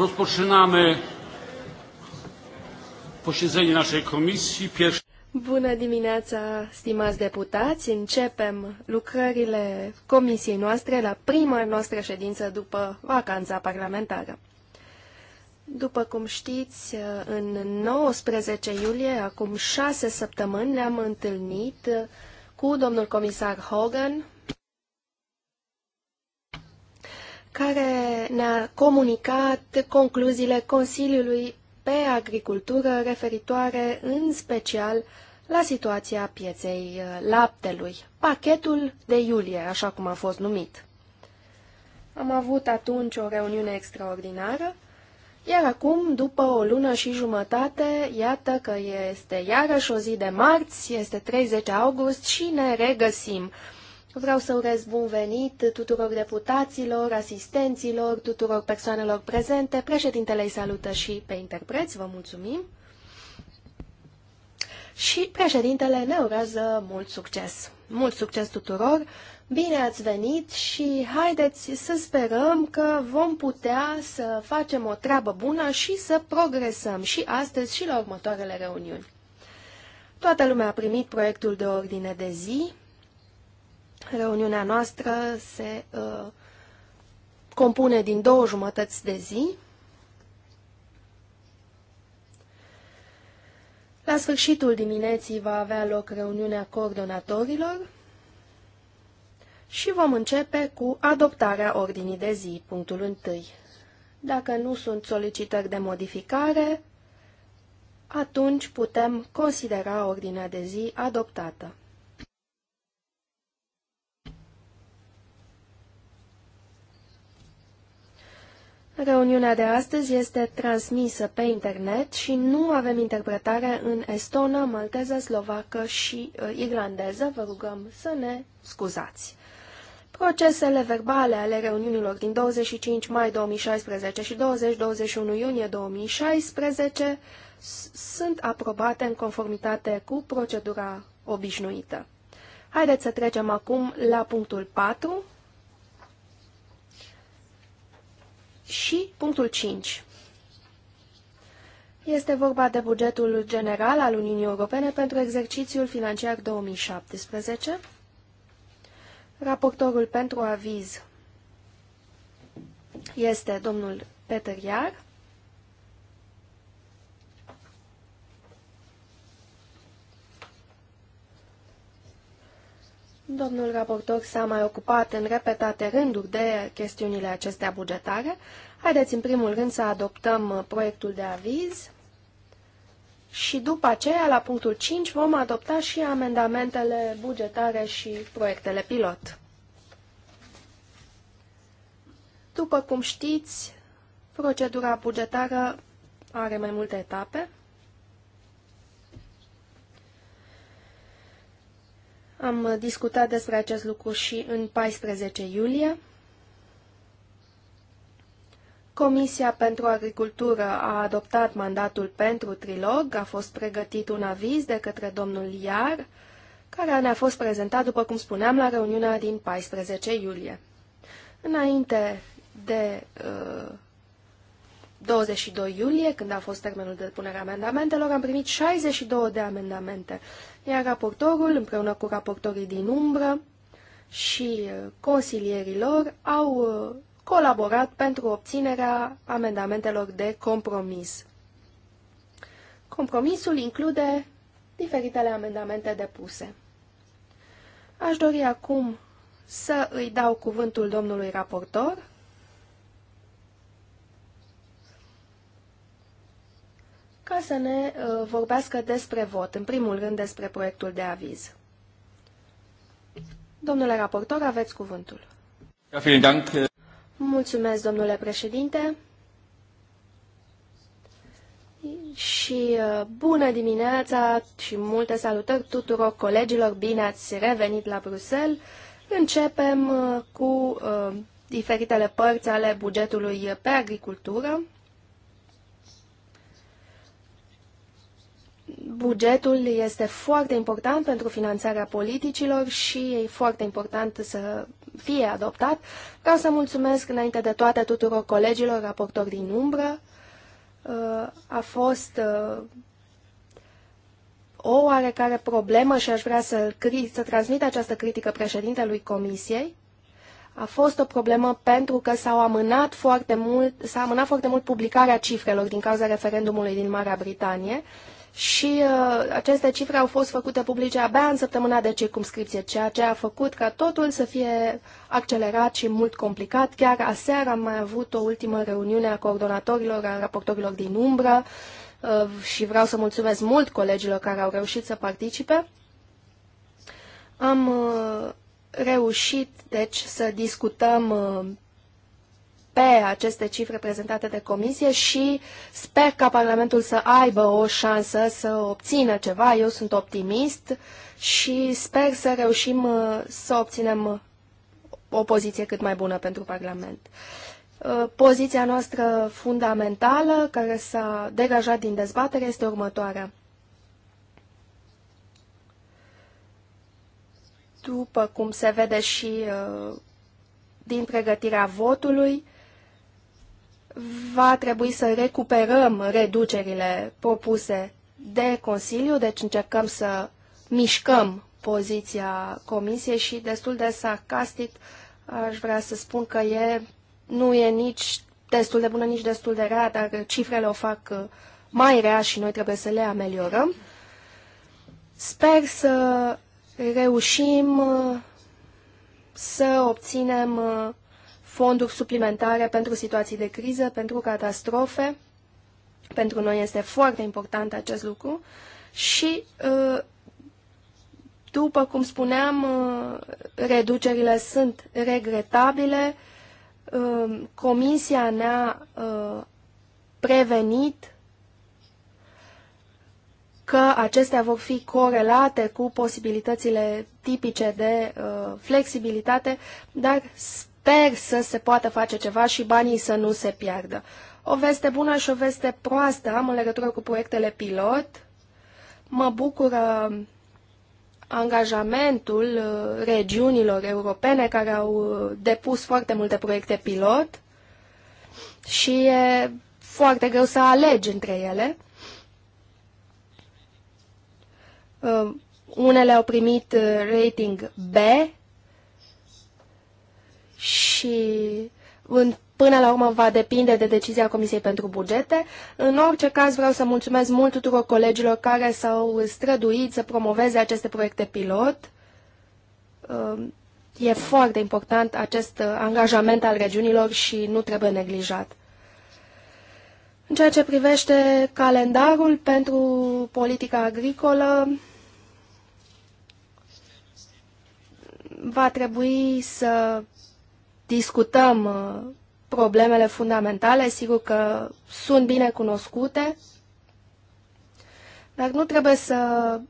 Rozpoczynamy posiedzenie naszej komisji. Pierwszy... Bună dimineața, stimați deputați! Începem lucrările comisiei noastre la prima noastră ședință după vacanța parlamentară. După cum știți, în 19 iulie, acum șase săptămâni, ne-am întâlnit cu domnul comisar Hogan, care ne-a comunicat concluziile Consiliului pe agricultură referitoare în special la situația pieței uh, laptelui, pachetul de iulie, așa cum a fost numit. Am avut atunci o reuniune extraordinară, iar acum, după o lună și jumătate, iată că este iarăși o zi de marți, este 30 august și ne regăsim. Vreau să urez bun venit tuturor deputaților, asistenților, tuturor persoanelor prezente. Președintele îi salută și pe interpreți, vă mulțumim. Și președintele ne urează mult succes. Mult succes tuturor, bine ați venit și haideți să sperăm că vom putea să facem o treabă bună și să progresăm și astăzi și la următoarele reuniuni. Toată lumea a primit proiectul de ordine de zi. Reuniunea noastră se uh, compune din două jumătăți de zi. La sfârșitul dimineții va avea loc reuniunea coordonatorilor și vom începe cu adoptarea ordinii de zi, punctul 1. Dacă nu sunt solicitări de modificare, atunci putem considera ordinea de zi adoptată. Reuniunea de astăzi este transmisă pe internet și nu avem interpretare în estonă, malteză, slovacă și uh, irlandeză. Vă rugăm să ne scuzați. Procesele verbale ale reuniunilor din 25 mai 2016 și 20-21 iunie 2016 sunt aprobate în conformitate cu procedura obișnuită. Haideți să trecem acum la punctul 4, Și punctul 5. Este vorba de bugetul general al Uniunii Europene pentru exercițiul financiar 2017. Raportorul pentru aviz este domnul Peter Iar. Domnul raportor s-a mai ocupat în repetate rânduri de chestiunile acestea bugetare. Haideți în primul rând să adoptăm uh, proiectul de aviz și după aceea, la punctul 5, vom adopta și amendamentele bugetare și proiectele pilot. După cum știți, procedura bugetară are mai multe etape. Am discutat despre acest lucru și în 14 iulie. Comisia pentru Agricultură a adoptat mandatul pentru trilog, a fost pregătit un aviz de către domnul Iar, care ne-a fost prezentat, după cum spuneam, la reuniunea din 14 iulie. Înainte de uh, 22 iulie, când a fost termenul de punere amendamentelor, am primit 62 de amendamente iar raportorul, împreună cu raportorii din umbră și uh, consilierii lor, au uh, colaborat pentru obținerea amendamentelor de compromis. Compromisul include diferitele amendamente depuse. Aș dori acum să îi dau cuvântul domnului raportor ca să ne uh, vorbească despre vot, în primul rând despre proiectul de aviz. Domnule raportor, aveți cuvântul. Mulțumesc, domnule președinte. Și uh, bună dimineața și multe salutări tuturor colegilor. Bine ați revenit la Bruxelles. Începem uh, cu diferitele părți ale bugetului pe agricultură. Bugetul este foarte important pentru finanțarea politicilor și e foarte important să fie adoptat. Vreau să mulțumesc înainte de toate tuturor colegilor raportori din umbră. Uh, a fost uh, o oarecare problemă și aș vrea să, să transmit această critică președintelui Comisiei. A fost o problemă pentru că s a amânat foarte mult, s-a amânat foarte mult publicarea cifrelor din cauza referendumului din Marea Britanie și uh, aceste cifre au fost făcute publice abia în săptămâna de circumscripție, ceea ce a făcut ca totul să fie accelerat și mult complicat. Chiar aseară am mai avut o ultimă reuniune a coordonatorilor, a raportorilor din umbră uh, și vreau să mulțumesc mult colegilor care au reușit să participe. Am uh, reușit, deci, să discutăm uh, pe aceste cifre prezentate de comisie și sper ca Parlamentul să aibă o șansă să obțină ceva. Eu sunt optimist și sper să reușim uh, să obținem o poziție cât mai bună pentru Parlament. Uh, poziția noastră fundamentală, care s-a degajat din dezbatere, este următoarea. După cum se vede și uh, din pregătirea votului, va trebui să recuperăm reducerile propuse de Consiliu, deci încercăm să mișcăm poziția Comisiei și destul de sarcastic aș vrea să spun că e, nu e nici destul de bună, nici destul de rea, dar cifrele o fac uh, mai rea și noi trebuie să le ameliorăm. Sper să reușim uh, să obținem uh, fonduri suplimentare pentru situații de criză, pentru catastrofe. Pentru noi este foarte important acest lucru și, uh, după cum spuneam, uh, reducerile sunt regretabile. Uh, comisia ne-a prevenit că acestea vor fi corelate cu posibilitățile tipice de uh, flexibilitate, dar sper să se poată face ceva și banii să nu se piardă. O veste bună și o veste proastă am în legătură cu proiectele pilot. Mă bucură angajamentul uh, regiunilor europene care au uh, depus foarte multe proiecte pilot și e foarte greu să alegi între ele. Uh, unele au primit rating B, și în, până la urmă va depinde de decizia Comisiei pentru Bugete. În orice caz vreau să mulțumesc mult tuturor colegilor care s-au străduit să promoveze aceste proiecte pilot. Um, e foarte important acest uh, angajament al regiunilor și nu trebuie neglijat. În ceea ce privește calendarul pentru politica agricolă, va trebui să discutăm uh, problemele fundamentale, sigur că sunt bine cunoscute, dar nu trebuie să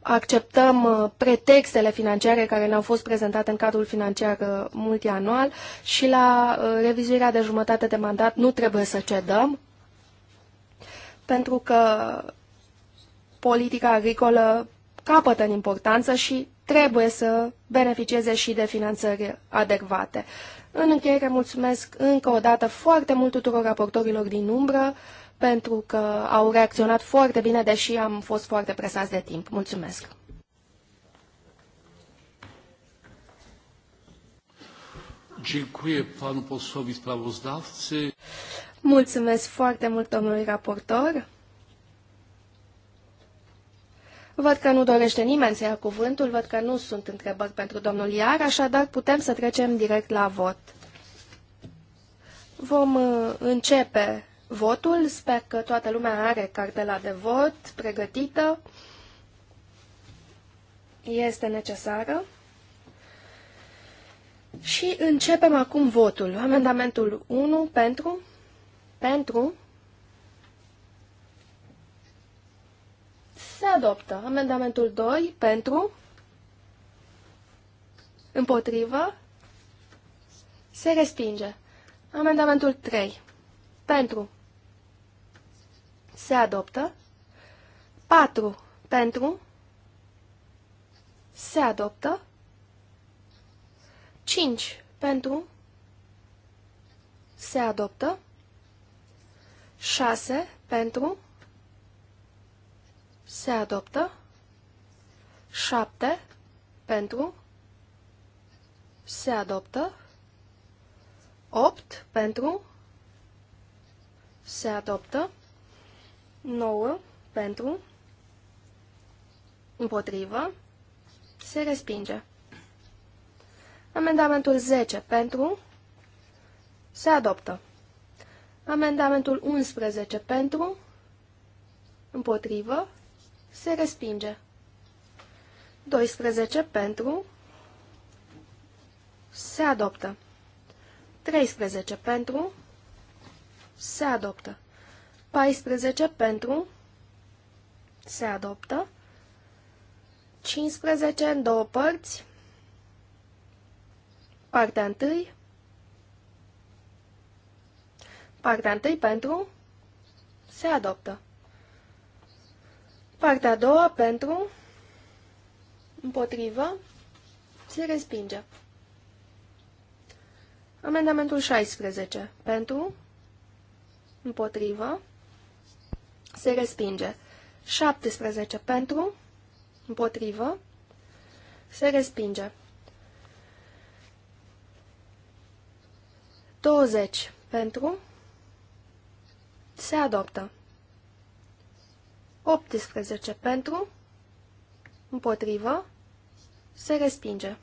acceptăm uh, pretextele financiare care ne-au fost prezentate în cadrul financiar uh, multianual și la revizuirea de jumătate de mandat nu trebuie să cedăm, pentru că politica agricolă capătă în importanță și trebuie să beneficieze și de finanțări adecvate. În încheiere, mulțumesc încă o dată foarte mult tuturor raportorilor din umbră pentru că au reacționat foarte bine, deși am fost foarte presați de timp. Mulțumesc! Mulțumesc foarte mult, domnului raportor. Văd că nu dorește nimeni să ia cuvântul, văd că nu sunt întrebări pentru domnul Iar, așadar putem să trecem direct la vot. Vom uh, începe votul, sper că toată lumea are cartela de vot pregătită, este necesară. Și începem acum votul. Amendamentul 1 pentru, pentru, Se adoptă. Amendamentul 2 pentru, împotrivă, se respinge. Amendamentul 3 pentru, se adoptă. 4 pentru, se adoptă. 5 pentru, se adoptă. 6 pentru, se adoptă. 7 pentru. Se adoptă. 8 pentru. Se adoptă. 9 pentru. Împotrivă. Se respinge. Amendamentul 10 pentru. Se adoptă. Amendamentul 11 pentru. Împotrivă. Se respinge. 12 pentru. Se adoptă. 13 pentru. Se adoptă. 14 pentru. Se adoptă. 15 în două părți. Partea întâi. Partea întâi pentru. Se adoptă. Partea a doua pentru, împotrivă, se respinge. Amendamentul 16. Pentru, împotrivă, se respinge. 17. Pentru, împotrivă, se respinge. 20. Pentru, se adoptă. 18 pentru, împotrivă, se respinge.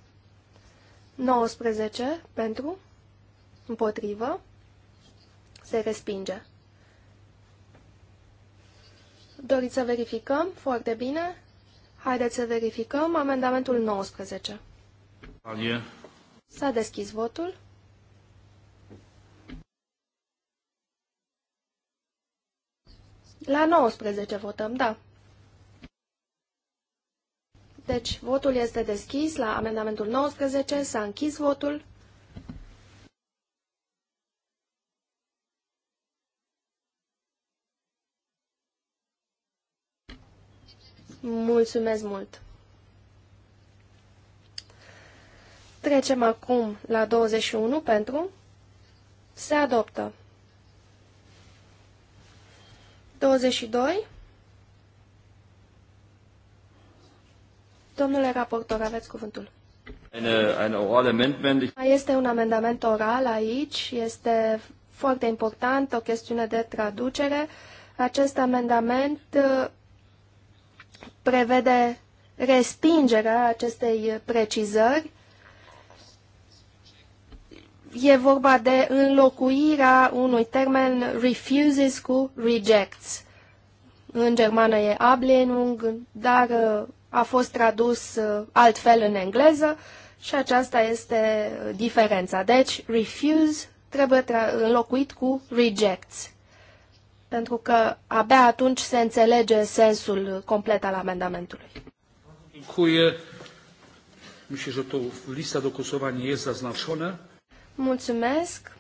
19 pentru, împotrivă, se respinge. Doriți să verificăm? Foarte bine. Haideți să verificăm amendamentul 19. S-a deschis votul. La 19 votăm, da. Deci, votul este deschis la amendamentul 19, s-a închis votul. Mulțumesc mult! Trecem acum la 21 pentru... Se adoptă. 22. Domnule raportor, aveți cuvântul. Este un amendament oral aici, este foarte important, o chestiune de traducere. Acest amendament uh, prevede respingerea acestei precizări e vorba de înlocuirea unui termen refuses cu rejects. În germană e Ablehnung, dar uh, a fost tradus uh, altfel în engleză și aceasta este uh, diferența. Deci, refuse trebuie înlocuit cu rejects, pentru că abia atunci se înțelege sensul complet al amendamentului. Dziękuję. Myślę, że to lista do głosowań jest zaznaczona. Mulțumesc.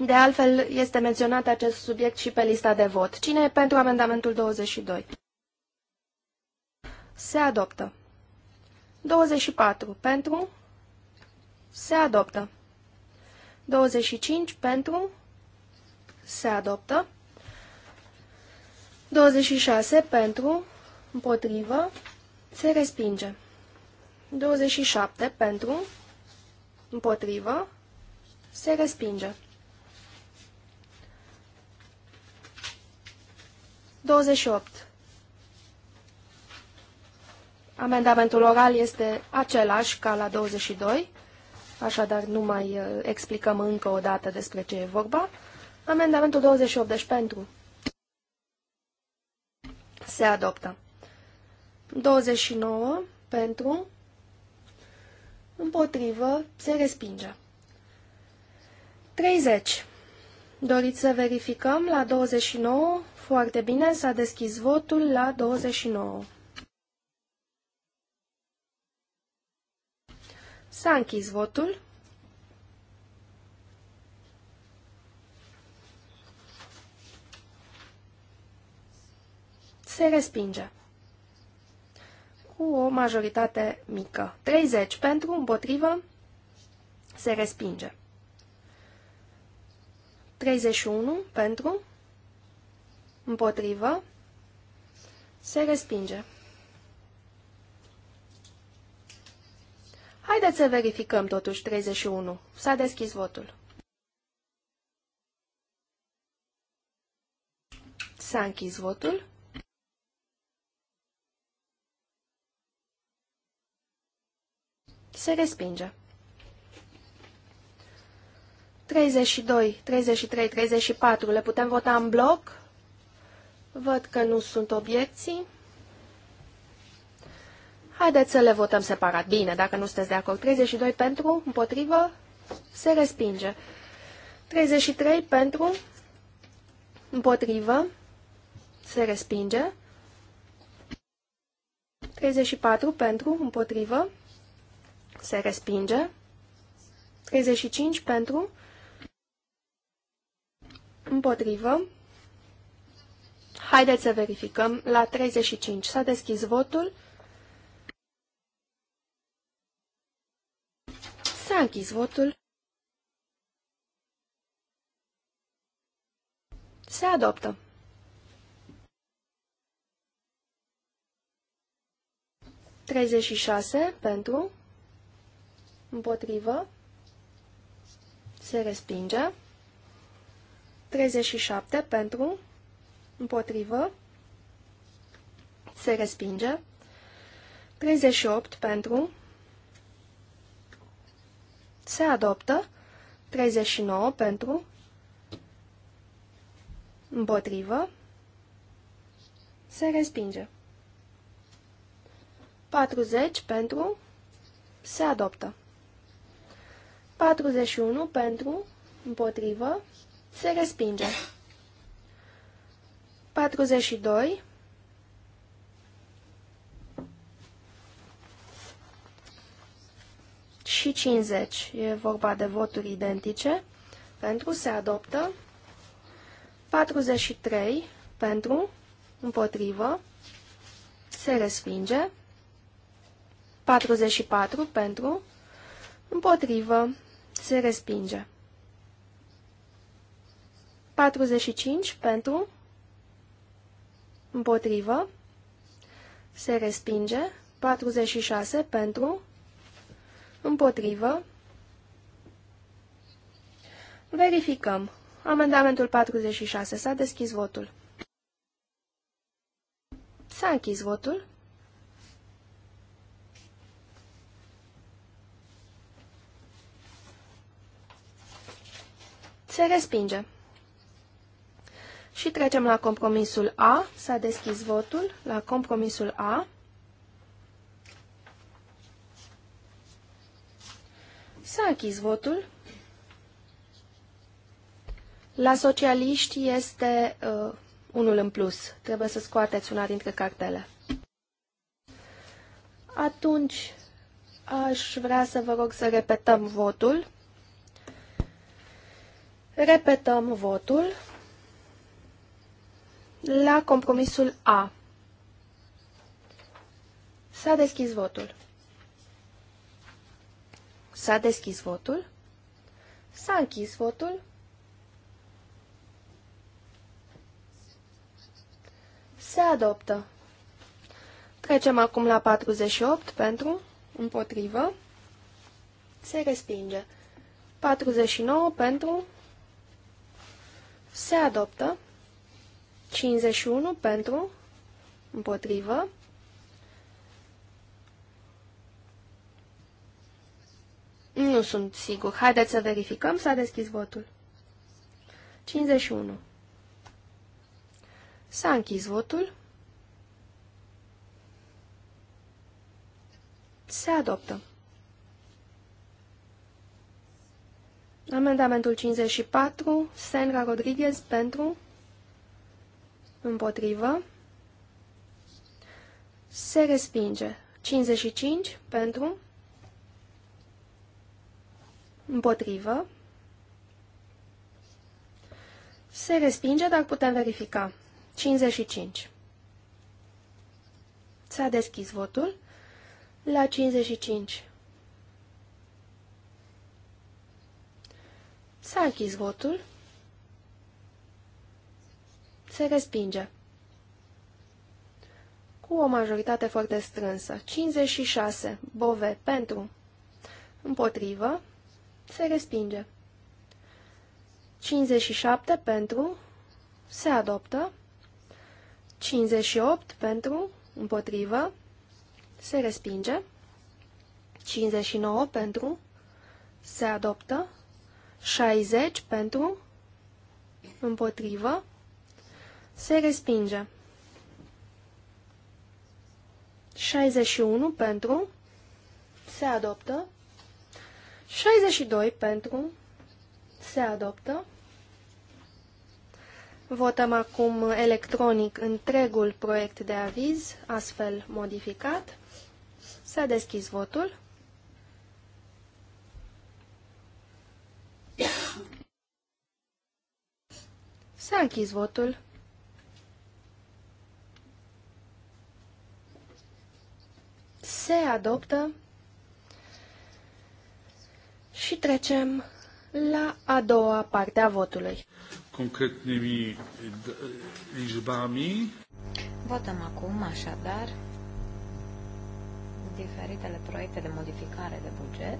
De altfel, este menționat acest subiect și pe lista de vot. Cine e pentru amendamentul 22? Se adoptă. 24. Pentru? Se adoptă. 25. Pentru? Se adoptă. 26. Pentru? Împotrivă? Se respinge. 27. Pentru? Împotrivă? Se respinge. 28. Amendamentul oral este același ca la 22, așadar nu mai uh, explicăm încă o dată despre ce e vorba. Amendamentul 28, deci pentru, se adoptă. 29, pentru, împotrivă, se respinge. 30. Doriți să verificăm la 29? Foarte bine, s-a deschis votul la 29. S-a închis votul. Se respinge. Cu o majoritate mică. 30 pentru, împotrivă, se respinge. 31 pentru, împotrivă, se respinge. Haideți să verificăm totuși 31. S-a deschis votul. S-a închis votul. Se respinge. 32, 33, 34, le putem vota în bloc? Văd că nu sunt obiecții. Haideți să le votăm separat. Bine, dacă nu sunteți de acord. 32 pentru, împotrivă, se respinge. 33 pentru, împotrivă, se respinge. 34 pentru, împotrivă, se respinge. 35 pentru, Împotrivă. Haideți să verificăm. La 35 s-a deschis votul. S-a închis votul. Se adoptă. Treizeci și șase pentru, împotrivă, se respinge. 37 pentru, împotrivă, se respinge. 38 pentru, se adoptă. 39 pentru, împotrivă, se respinge. 40 pentru, se adoptă. 41 pentru, împotrivă, se respinge. 42. Și 50. E vorba de voturi identice. Pentru se adoptă. 43. Pentru. Împotrivă. Se respinge. 44. Pentru. Împotrivă. Se respinge. 45 pentru, împotrivă, se respinge, 46 pentru, împotrivă, verificăm. Amendamentul 46 s-a deschis votul. S-a închis votul. Se respinge. Și trecem la compromisul A. S-a deschis votul la compromisul A. S-a închis votul. La socialiști este uh, unul în plus. Trebuie să scoateți una dintre cartele. Atunci aș vrea să vă rog să repetăm votul. Repetăm votul la compromisul A. S-a deschis votul. S-a deschis votul. S-a închis votul. Se adoptă. Trecem acum la 48 pentru, împotrivă, se respinge. 49 pentru, se adoptă. 51 pentru, împotrivă. Nu sunt sigur. Haideți să verificăm. S-a deschis votul. 51. S-a închis votul. Se adoptă. Amendamentul 54, Senra Rodriguez pentru, împotrivă, se respinge. 55 pentru, împotrivă, se respinge, dar putem verifica. 55. S-a deschis votul la 55. S-a închis votul. Se respinge. Cu o majoritate foarte strânsă. 56. Bove. Pentru. Împotrivă. Se respinge. 57. Pentru. Se adoptă. 58. Pentru. Împotrivă. Se respinge. 59. Pentru. Se adoptă. 60 pentru, împotrivă, se respinge. 61 pentru. Se adoptă. 62 pentru. Se adoptă. Votăm acum electronic întregul proiect de aviz, astfel modificat. S-a deschis votul. S-a închis votul. se adoptă și trecem la a doua parte a votului. Concretnimi liczbami. Votăm acum, așadar, diferitele proiecte de modificare de buget.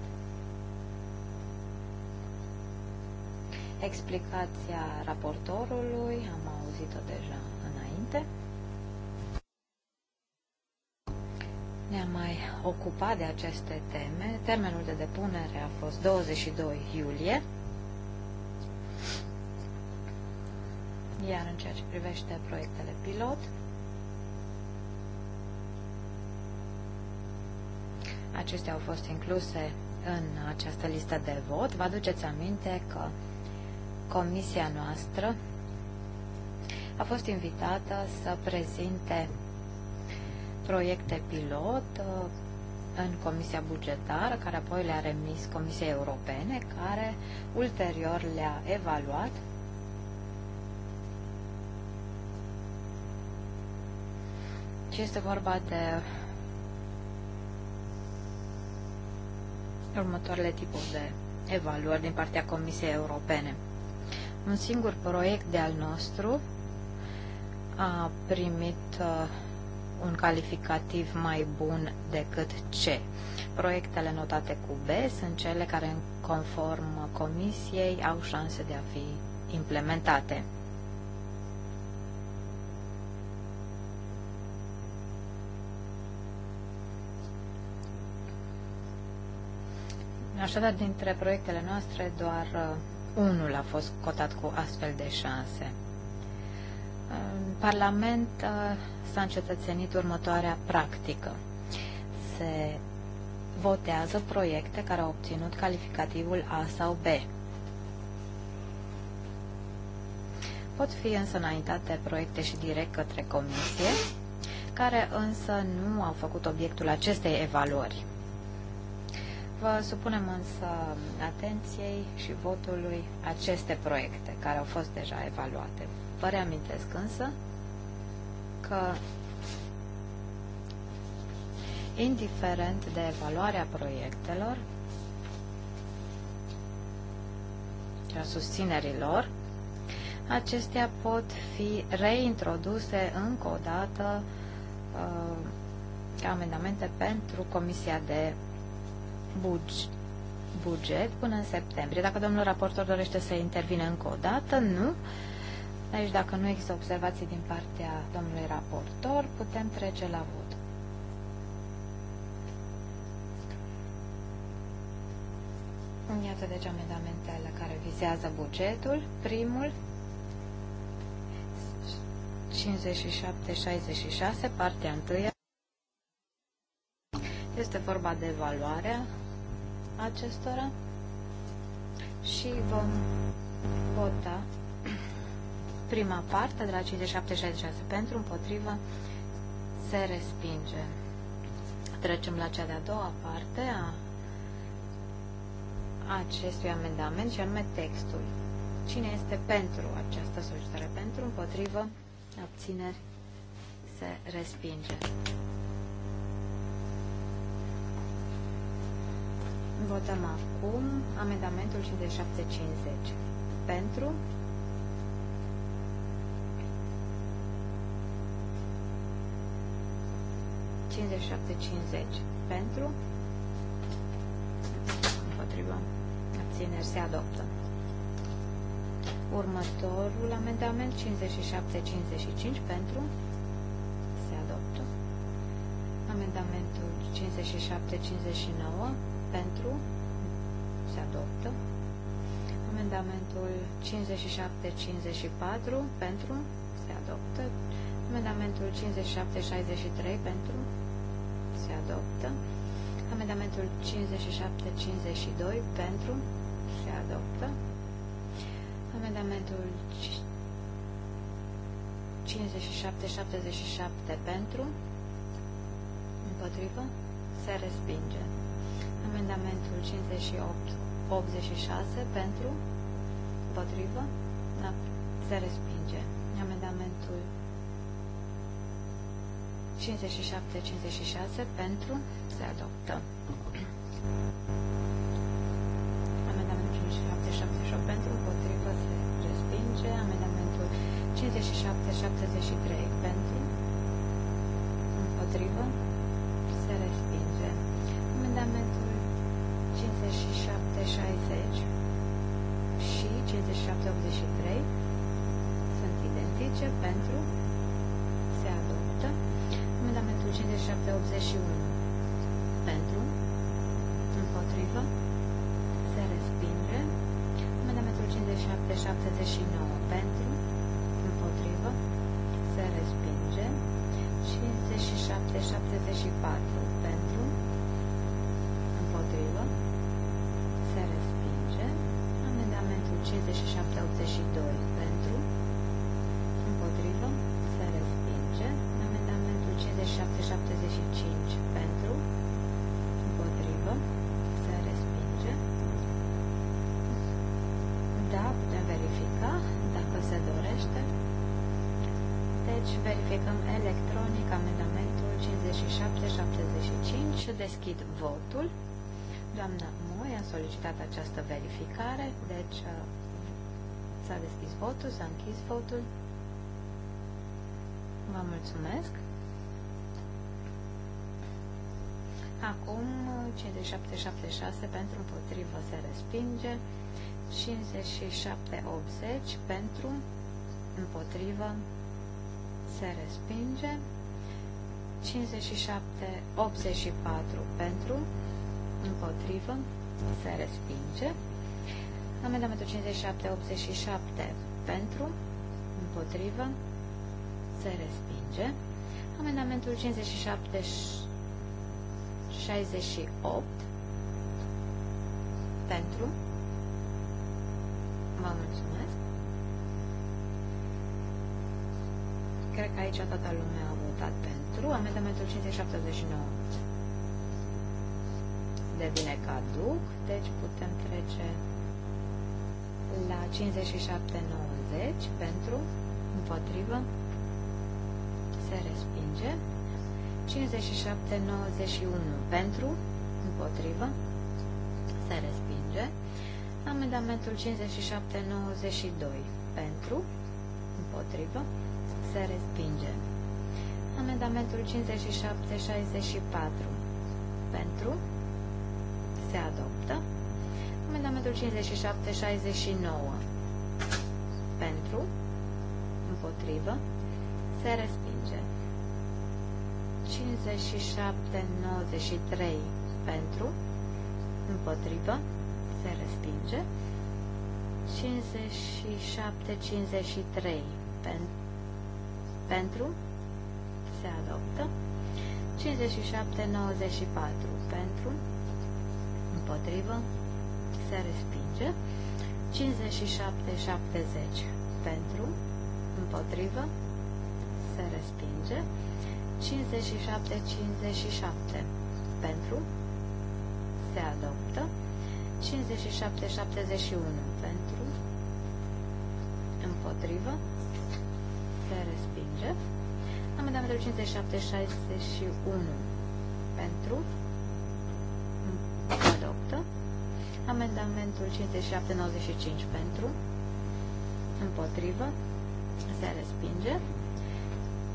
Explicația raportorului, am auzit-o deja înainte. mai ocupa de aceste teme. Termenul de depunere a fost 22 iulie. Iar în ceea ce privește proiectele pilot, acestea au fost incluse în această listă de vot. Vă aduceți aminte că comisia noastră a fost invitată să prezinte proiecte pilot uh, în Comisia Bugetară, care apoi le-a remis Comisiei Europene, care ulterior le-a evaluat Ce este vorba de următoarele tipuri de evaluări din partea Comisiei Europene. Un singur proiect de al nostru a primit uh, un calificativ mai bun decât C. Proiectele notate cu B sunt cele care, conform Comisiei, au șanse de a fi implementate. Așadar, dintre proiectele noastre, doar uh, unul a fost cotat cu astfel de șanse. Parlament uh, s-a încetățenit următoarea practică. Se votează proiecte care au obținut calificativul A sau B. Pot fi însă înaintate proiecte și direct către comisie, care însă nu au făcut obiectul acestei evaluări. Vă supunem însă atenției și votului aceste proiecte care au fost deja evaluate. Vă reamintesc însă că indiferent de evaluarea proiectelor și a susținerilor, acestea pot fi reintroduse încă o dată uh, ca amendamente pentru Comisia de Bugi buget până în septembrie. Dacă domnul raportor dorește să intervine încă o dată, nu. Deci, dacă nu există observații din partea domnului raportor, putem trece la vot. Iată deci amendamentele care vizează bugetul. Primul, 57-66, partea întâia. Este vorba de evaluarea acestora și vom vota Prima parte de la 5766 pentru, împotrivă, se respinge. Trecem la cea de-a doua parte a acestui amendament și anume textul. Cine este pentru această solicitare? Pentru, împotrivă, abțineri, se respinge. Votăm acum amendamentul 5750. Pentru, 5750 pentru, împotrivă, abțineri se adoptă. Următorul amendament 5755 pentru, se adoptă. Amendamentul 5759 pentru, se adoptă. Amendamentul 5754 pentru, se adoptă. Amendamentul 5763 pentru, adoptă. Amendamentul 57-52 pentru se adoptă. Amendamentul 57-77 pentru împotrivă se respinge. Amendamentul 58-86 pentru împotrivă se respinge. Amendamentul 57-56 pentru se adoptă. Amendamentul 57-78 pentru împotrivă se respinge. Amendamentul 57-73 pentru împotrivă se respinge. Amendamentul 57-60 și 57-83 sunt identice pentru se adoptă. 57-81. Pentru, împotrivă, se respinge. Amendamentul 57-79. Pentru, împotrivă, se respinge. 57-74. Pentru, împotrivă, se respinge. Amendamentul 57-82. Pentru, împotrivă, se respinge. Amendamentul 57 să Deschid votul. Doamna Moi a solicitat această verificare, deci uh, s-a deschis votul, s-a închis votul. Vă mulțumesc. Acum 5776 uh, pentru împotrivă se respinge, 5780 pentru împotrivă se respinge. 57, 84 pentru, împotrivă, se respinge. Amendamentul 57, 87 pentru, împotrivă, se respinge. Amendamentul 57, 68 pentru, vă mulțumesc. Cred că aici toată lumea a votat pe. 4, amendamentul 579. Devine caduc, deci putem trece la 5790 pentru împotrivă se respinge. 5791 pentru împotrivă se respinge. Amendamentul 5792 pentru împotrivă se respinge amendamentul 57-64. Pentru. Se adoptă. Amendamentul 57-69. Pentru. Împotrivă. Se respinge. 57-93. Pentru. Împotrivă. Se respinge. 57-53. Pentru. Pentru se adoptă. 57-94 pentru, împotrivă, se respinge. 57-70 pentru, împotrivă, se respinge. 57-57 pentru, se adoptă. 57-71 pentru, împotrivă, se respinge. Amendamentul 57, 61 pentru, adoptă. Amendamentul 5795 pentru, împotrivă, se respinge.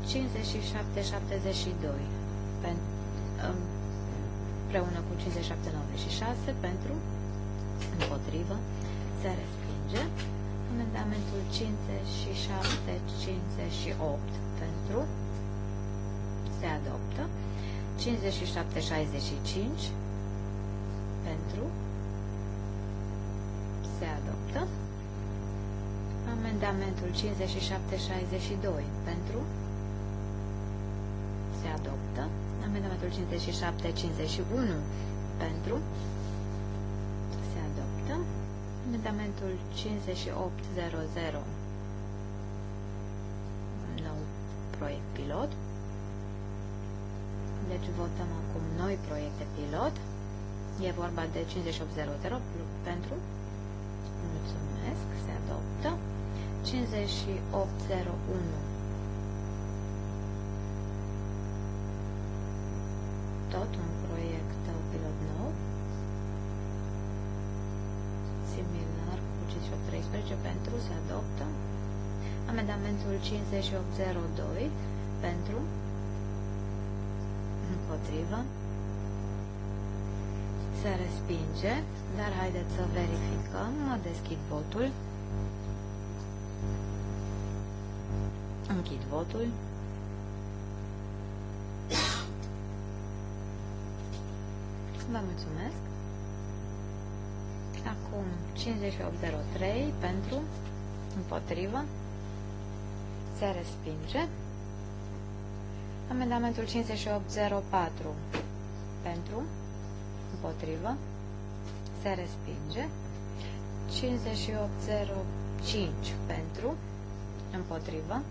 5772 pentru, împreună cu 5796 pentru, împotrivă, se respinge. Amendamentul 5758 pentru, se adoptă. 57-65 pentru se adoptă. Amendamentul 57-62 pentru se adoptă. Amendamentul 57-51 pentru se adoptă. Amendamentul 5800 nou proiect pilot deci votăm acum noi proiecte pilot. E vorba de 5800 pentru. Mulțumesc, se adoptă. 5801 tot un proiect pilot nou similar cu 5813 pentru se adoptă amendamentul 5802 pentru împotrivă. Se respinge, dar haideți să verificăm. Deschid votul. Închid votul. Vă mulțumesc. Acum 5803 pentru împotrivă. Se respinge. Amendamentul 5804 pentru, împotrivă, se respinge. 5805 pentru, împotrivă.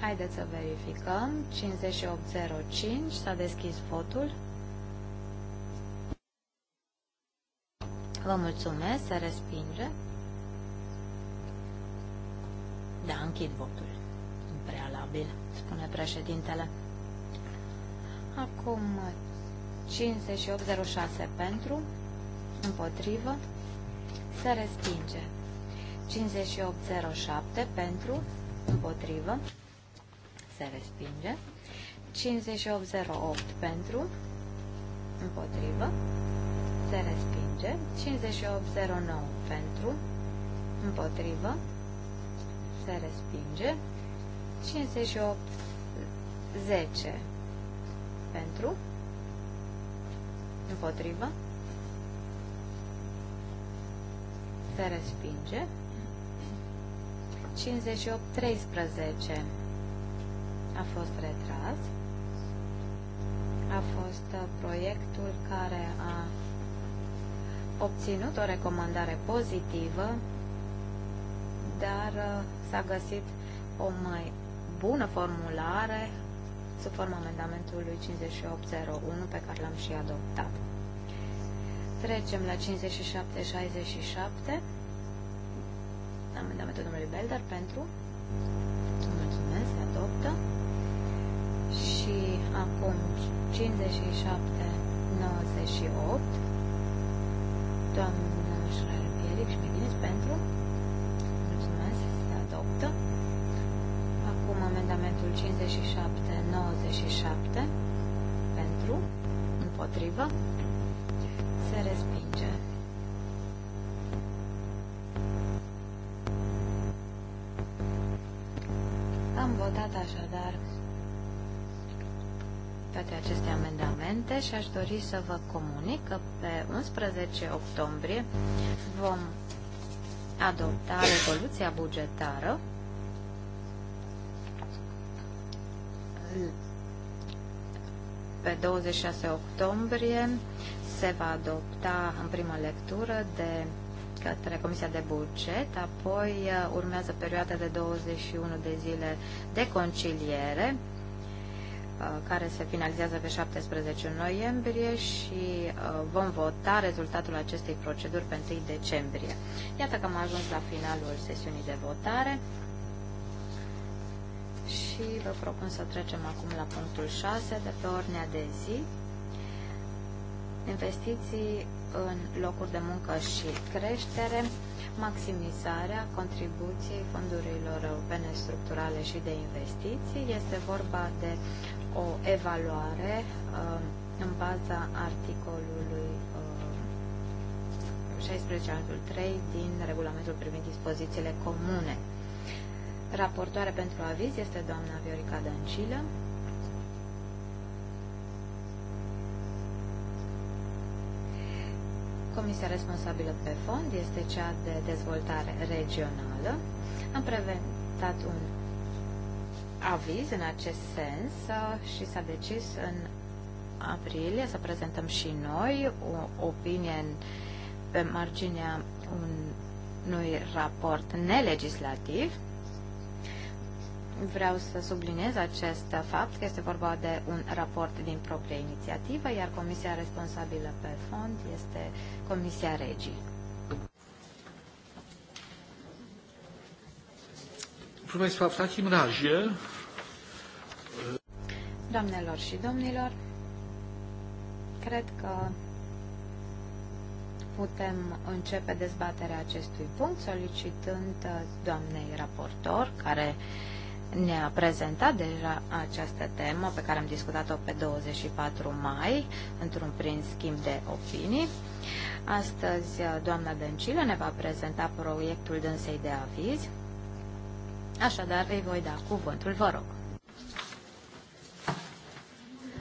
Haideți să verificăm. 5805 s-a deschis votul. Vă mulțumesc, se respinge. Da, închid votul probabil, spune președintele. Acum 5806 pentru, împotrivă, se respinge. 5807 pentru, împotrivă, se respinge. 5808 pentru, împotrivă, se respinge. 5809 pentru, împotrivă, se respinge. 58, 10 pentru, împotrivă, se respinge. 58, 13 a fost retras. A fost uh, proiectul care a obținut o recomandare pozitivă, dar uh, s-a găsit o mai bună formulare sub formă amendamentului 5801 pe care l-am și adoptat. Trecem la 5767. Amendamentul domnului Belder pentru. Mulțumesc, se adoptă. Și acum 5798. Doamna Schreier Pieric și McGuinness pentru. 57, 97 pentru, împotrivă, se respinge. Am votat așadar toate aceste amendamente și aș dori să vă comunic că pe 11 octombrie vom adopta rezoluția bugetară pe 26 octombrie se va adopta în prima lectură de către Comisia de Buget, apoi uh, urmează perioada de 21 de zile de conciliere, uh, care se finalizează pe 17 noiembrie și uh, vom vota rezultatul acestei proceduri pe 1 decembrie. Iată că am ajuns la finalul sesiunii de votare și vă propun să trecem acum la punctul 6 de pe ordinea de zi. Investiții în locuri de muncă și creștere, maximizarea contribuției fondurilor europene structurale și de investiții. Este vorba de o evaluare uh, în baza articolului 16 al 3 din regulamentul privind dispozițiile comune Raportoare pentru aviz este doamna Viorica Dăncilă. Comisia responsabilă pe fond este cea de dezvoltare regională. Am preventat un aviz în acest sens uh, și s-a decis în aprilie să prezentăm și noi o opinie pe marginea unui raport nelegislativ Vreau să subliniez acest fapt că este vorba de un raport din proprie inițiativă, iar comisia responsabilă pe fond este Comisia Regii. Proszę Państwa, w takim razie... Doamnelor și domnilor, cred că putem începe dezbaterea acestui punct solicitând doamnei raportor, care ne-a prezentat deja această temă pe care am discutat-o pe 24 mai într-un prin schimb de opinii. Astăzi uh, doamna Dăncilă ne va prezenta proiectul dânsei de aviz. Așadar, îi voi da cuvântul, vă rog.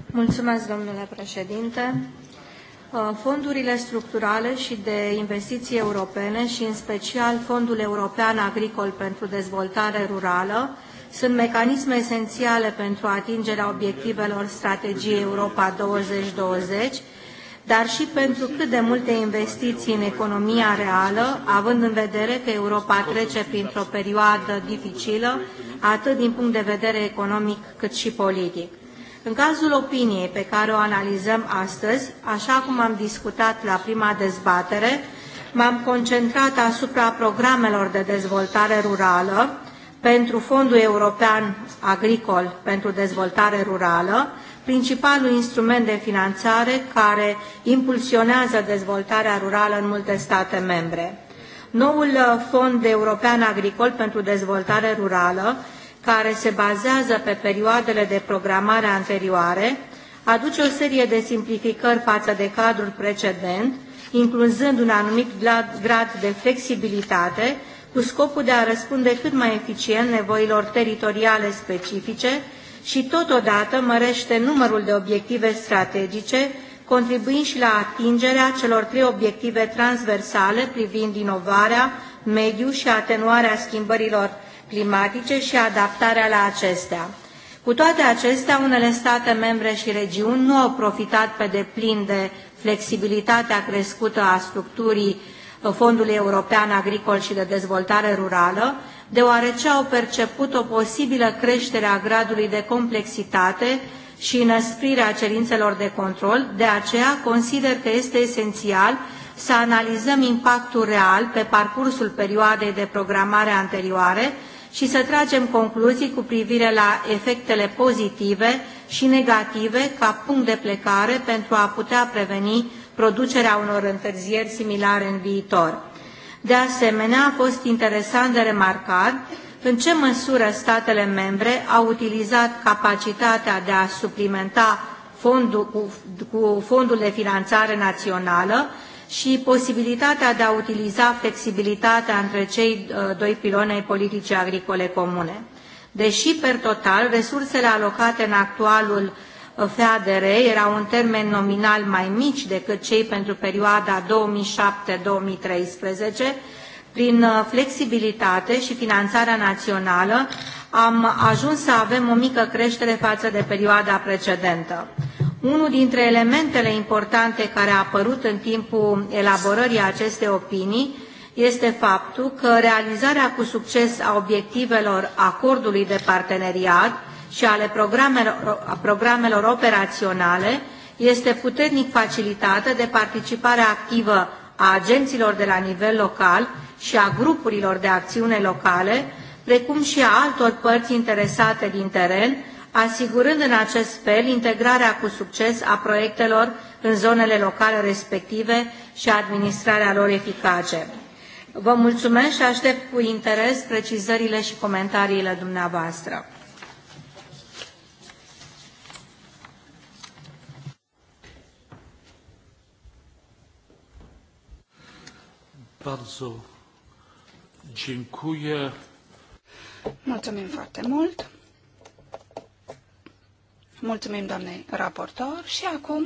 Mulțumesc, domnule președinte. Uh, fondurile structurale și de investiții europene și în special Fondul European Agricol pentru Dezvoltare Rurală sunt mecanisme esențiale pentru atingerea obiectivelor strategiei Europa 2020, dar și pentru cât de multe investiții în economia reală, având în vedere că Europa trece printr-o perioadă dificilă, atât din punct de vedere economic cât și politic. În cazul opiniei pe care o analizăm astăzi, așa cum am discutat la prima dezbatere, m-am concentrat asupra programelor de dezvoltare rurală, pentru Fondul European Agricol pentru Dezvoltare Rurală, principalul instrument de finanțare care impulsionează dezvoltarea rurală în multe state membre. Noul uh, Fond European Agricol pentru Dezvoltare Rurală, care se bazează pe perioadele de programare anterioare, aduce o serie de simplificări față de cadrul precedent, incluzând un anumit grad de flexibilitate cu scopul de a răspunde cât mai eficient nevoilor teritoriale specifice și totodată mărește numărul de obiective strategice, contribuind și la atingerea celor trei obiective transversale privind inovarea, mediu și atenuarea schimbărilor climatice și adaptarea la acestea. Cu toate acestea, unele state membre și regiuni nu au profitat pe deplin de flexibilitatea crescută a structurii Fondului European Agricol și de Dezvoltare Rurală, deoarece au perceput o posibilă creștere a gradului de complexitate și înăsprirea cerințelor de control, de aceea consider că este esențial să analizăm impactul real pe parcursul perioadei de programare anterioare și să tragem concluzii cu privire la efectele pozitive și negative ca punct de plecare pentru a putea preveni producerea unor întârzieri similare în viitor. De asemenea, a fost interesant de remarcat în ce măsură statele membre au utilizat capacitatea de a suplimenta fondul, cu, cu fondul de finanțare națională și posibilitatea de a utiliza flexibilitatea între cei uh, doi piloni ai politicii agricole comune. Deși, per total, resursele alocate în actualul FADR erau în termen nominal mai mici decât cei pentru perioada 2007-2013, prin uh, flexibilitate și finanțarea națională am ajuns să avem o mică creștere față de perioada precedentă. Unul dintre elementele importante care a apărut în timpul elaborării acestei opinii este faptul că realizarea cu succes a obiectivelor acordului de parteneriat și ale programelor, programelor operaționale este puternic facilitată de participarea activă a agenților de la nivel local și a grupurilor de acțiune locale, precum și a altor părți interesate din teren, asigurând în acest fel integrarea cu succes a proiectelor în zonele locale respective și administrarea lor eficace. Vă mulțumesc și aștept cu interes precizările și comentariile dumneavoastră. Bardzo dziękuję. Mulțumim foarte mult. Mulțumim doamnei raportor și acum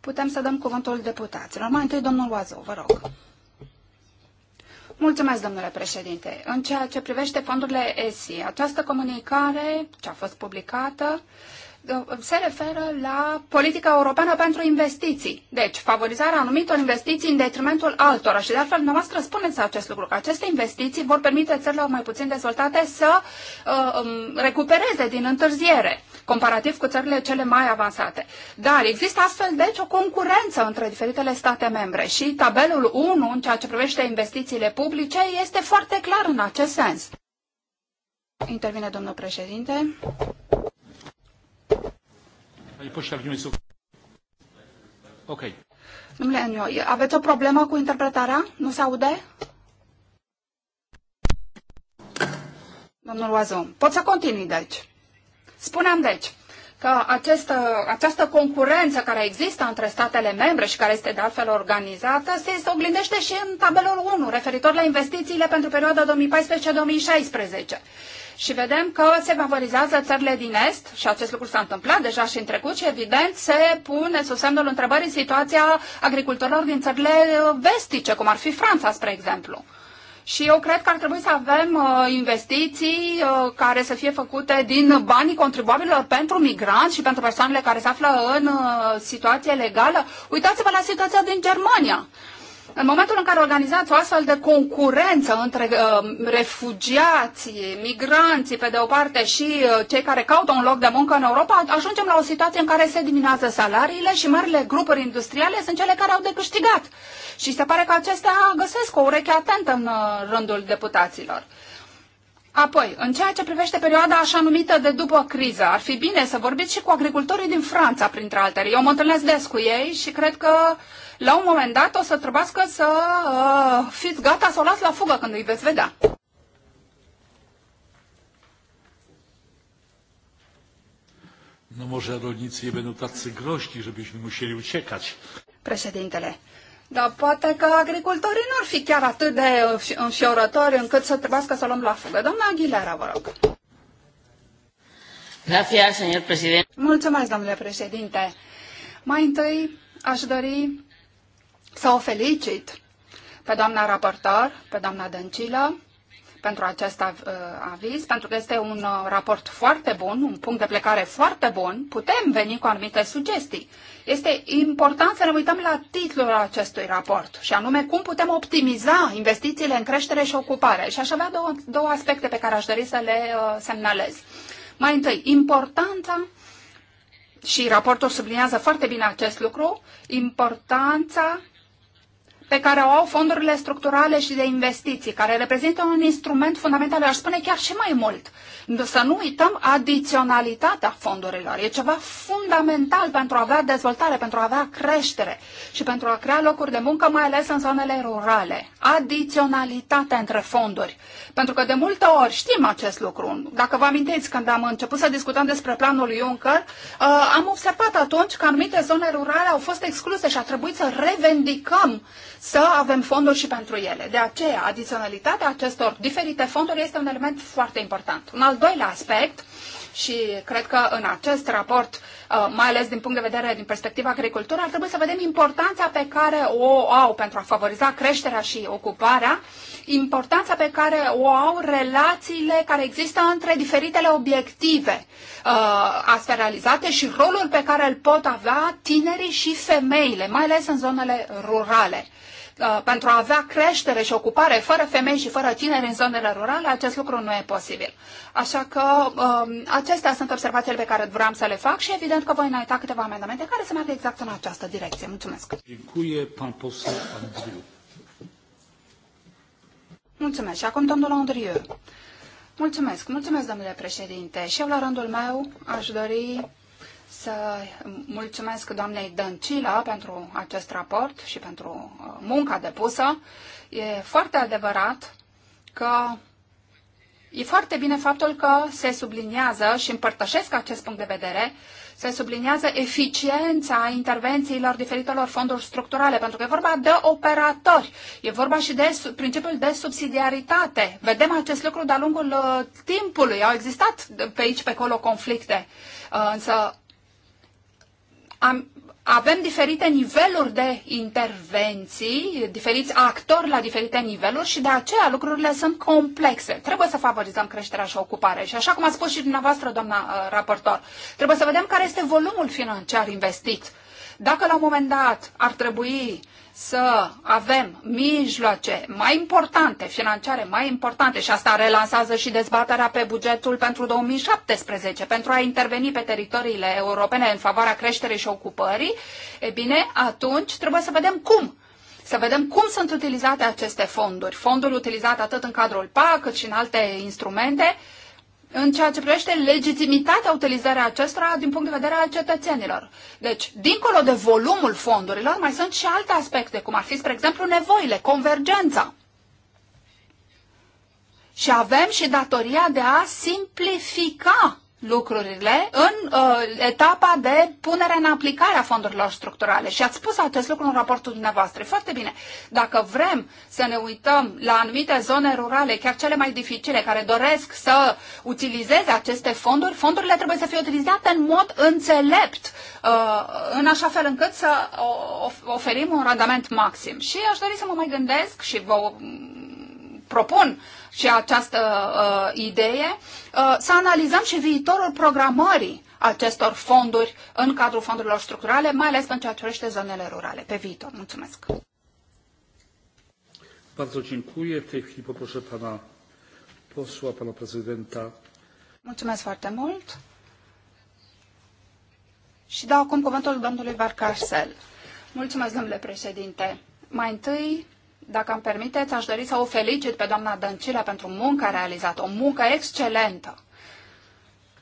putem să dăm cuvântul deputaților. Mai întâi, domnul Oazău, vă rog. Mulțumesc, domnule președinte. În ceea ce privește fondurile ESI, această comunicare, ce a fost publicată, Uh, se referă la politica europeană pentru investiții. Deci, favorizarea anumitor investiții în detrimentul altora. Și de altfel, dumneavoastră spuneți acest lucru, că aceste investiții vor permite țărilor mai puțin dezvoltate să uh, um, recupereze din întârziere, comparativ cu țările cele mai avansate. Dar există astfel, deci, o concurență între diferitele state membre și tabelul 1, în ceea ce privește investițiile publice, este foarte clar în acest sens. Intervine domnul președinte. Ok. Domnule Enio, aveți o problemă cu interpretarea? Nu se aude? Domnul Oazău, pot să continui, deci. Spuneam, deci, că această această concurență care există între statele membre și care este de altfel organizată se, se oglindește și în tabelul 1, referitor la investițiile pentru perioada 2014-2016 și vedem că se favorizează țările din Est și acest lucru s-a întâmplat deja și în trecut și evident se pune sub semnul întrebării situația agricultorilor din țările uh, vestice, cum ar fi Franța, spre exemplu. Și eu cred că ar trebui să avem uh, investiții uh, care să fie făcute din banii contribuabililor pentru migranți și pentru persoanele care se află în uh, situație legală. Uitați-vă la situația din Germania. În momentul în care organizați o astfel de concurență între uh, refugiații, migranții, pe de o parte, și uh, cei care caută un loc de muncă în Europa, ajungem la o situație în care se diminuează salariile și marile grupuri industriale sunt cele care au de câștigat. Și se pare că acestea găsesc o ureche atentă în uh, rândul deputaților. Apoi, în ceea ce privește perioada așa numită de după criză, ar fi bine să vorbiți și cu agricultorii din Franța, printre altele. Eu mă întâlnesc des cu ei și cred că la un moment dat o să trebuiască să uh, fiți gata să o las la fugă când îi veți vedea. No może rolnicy nie będą tacy groźni, żebyśmy musieli uciekać. Președintele, dar poate că agricultorii n-ar fi chiar atât de uh, înfiorători încât să trebuiască să luăm la fugă. Doamna Aguilera, vă rog. Gracias, señor presidente. Mulțumesc, domnule președinte. Mai întâi aș dori să o felicit pe doamna raportor, pe doamna Dăncilă, pentru acest uh, aviz, pentru că este un uh, raport foarte bun, un punct de plecare foarte bun. Putem veni cu anumite sugestii. Este important să ne uităm la titlul acestui raport, și anume cum putem optimiza investițiile în creștere și ocupare. Și aș avea două, două aspecte pe care aș dori să le uh, semnalez. Mai întâi, importanța și raportul subliniază foarte bine acest lucru, importanța pe care o au fondurile structurale și de investiții, care reprezintă un instrument fundamental, aș spune chiar și mai mult. Să nu uităm adiționalitatea fondurilor. E ceva fundamental pentru a avea dezvoltare, pentru a avea creștere și pentru a crea locuri de muncă, mai ales în zonele rurale. Adiționalitatea între fonduri. Pentru că de multe ori știm acest lucru. Dacă vă amintiți, când am început să discutăm despre planul Juncker, uh, am observat atunci că anumite zone rurale au fost excluse și a trebuit să revendicăm să avem fonduri și pentru ele. De aceea, adiționalitatea acestor diferite fonduri este un element foarte important. Un al doilea aspect și cred că în acest raport, uh, mai ales din punct de vedere, din perspectiva agricultură, ar trebui să vedem importanța pe care o au pentru a favoriza creșterea și ocuparea, importanța pe care o au relațiile care există între diferitele obiective uh, astfel realizate și rolul pe care îl pot avea tinerii și femeile, mai ales în zonele rurale. Uh, pentru a avea creștere și ocupare fără femei și fără tineri în zonele rurale, acest lucru nu e posibil. Așa că um, acestea sunt observațiile pe care vreau să le fac și evident că voi înainta câteva amendamente care să meargă exact în această direcție. Mulțumesc! Mulțumesc. Și acum domnul Andrieu. Mulțumesc, mulțumesc, domnule președinte. Și eu, la rândul meu, aș dori să mulțumesc doamnei Dăncilă pentru acest raport și pentru uh, munca depusă. E foarte adevărat că e foarte bine faptul că se subliniază și împărtășesc acest punct de vedere, se subliniază eficiența intervențiilor diferitelor fonduri structurale, pentru că e vorba de operatori, e vorba și de principiul de subsidiaritate. Vedem acest lucru de-a lungul uh, timpului, au existat pe aici, pe acolo conflicte, uh, însă am, avem diferite niveluri de intervenții, diferiți actori la diferite niveluri și de aceea lucrurile sunt complexe. Trebuie să favorizăm creșterea și ocuparea. Și așa cum a spus și dumneavoastră, doamna uh, raportor, trebuie să vedem care este volumul financiar investit. Dacă la un moment dat ar trebui să avem mijloace mai importante, financiare mai importante și asta relansează și dezbaterea pe bugetul pentru 2017 pentru a interveni pe teritoriile europene în favoarea creșterii și ocupării, e bine, atunci trebuie să vedem cum să vedem cum sunt utilizate aceste fonduri. Fonduri utilizate atât în cadrul PAC, cât și în alte instrumente în ceea ce privește legitimitatea utilizării acestora din punct de vedere al cetățenilor. Deci, dincolo de volumul fondurilor, mai sunt și alte aspecte, cum ar fi, spre exemplu, nevoile, convergența. Și avem și datoria de a simplifica lucrurile în uh, etapa de punere în aplicare a fondurilor structurale. Și ați spus acest lucru în raportul dumneavoastră. Foarte bine. Dacă vrem să ne uităm la anumite zone rurale, chiar cele mai dificile, care doresc să utilizeze aceste fonduri, fondurile trebuie să fie utilizate în mod înțelept, uh, în așa fel încât să oferim un randament maxim. Și aș dori să mă mai gândesc și vă propun și această uh, idee, uh, să analizăm și viitorul programării acestor fonduri în cadrul fondurilor structurale, mai ales în ceea ce privește zonele rurale pe viitor. Mulțumesc! Bardzo dziękuję. W tej chwili poproszę pana posła, pana prezydenta. Mulțumesc foarte mult. Și dau acum cuvântul domnului Varcarsel. Mulțumesc, domnule președinte. Mai întâi dacă îmi permiteți, aș dori să o felicit pe doamna Dăncilă pentru munca realizată, o muncă excelentă.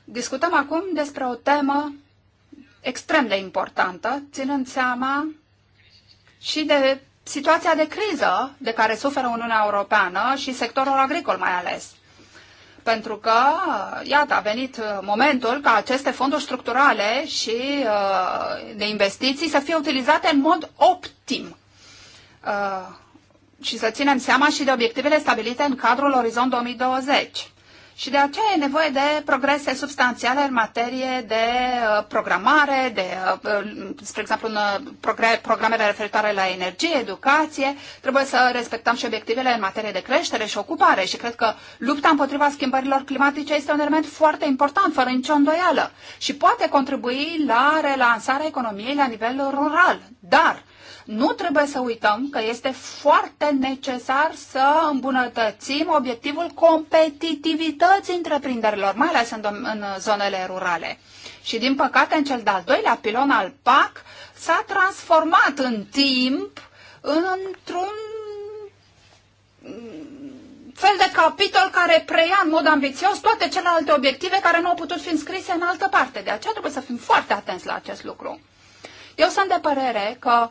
Discutăm acum despre o temă extrem de importantă, ținând seama și de situația de criză de care suferă Uniunea Europeană și sectorul agricol mai ales. Pentru că, iată, a venit momentul ca aceste fonduri structurale și uh, de investiții să fie utilizate în mod optim. Uh, și să ținem seama și de obiectivele stabilite în cadrul Orizont 2020. Și de aceea e nevoie de progrese substanțiale în materie de uh, programare, de, uh, uh, spre exemplu, în programele referitoare la energie, educație. Trebuie să respectăm și obiectivele în materie de creștere și ocupare și cred că lupta împotriva schimbărilor climatice este un element foarte important, fără nicio îndoială și poate contribui la relansarea economiei la nivel rural. Dar nu trebuie să uităm că este foarte necesar să îmbunătățim obiectivul competitivității întreprinderilor, mai ales în, în zonele rurale. Și din păcate, în cel de-al doilea pilon al PAC s-a transformat în timp într-un fel de capitol care preia în mod ambițios toate celelalte obiective care nu au putut fi înscrise în altă parte. De aceea trebuie să fim foarte atenți la acest lucru. Eu sunt de părere că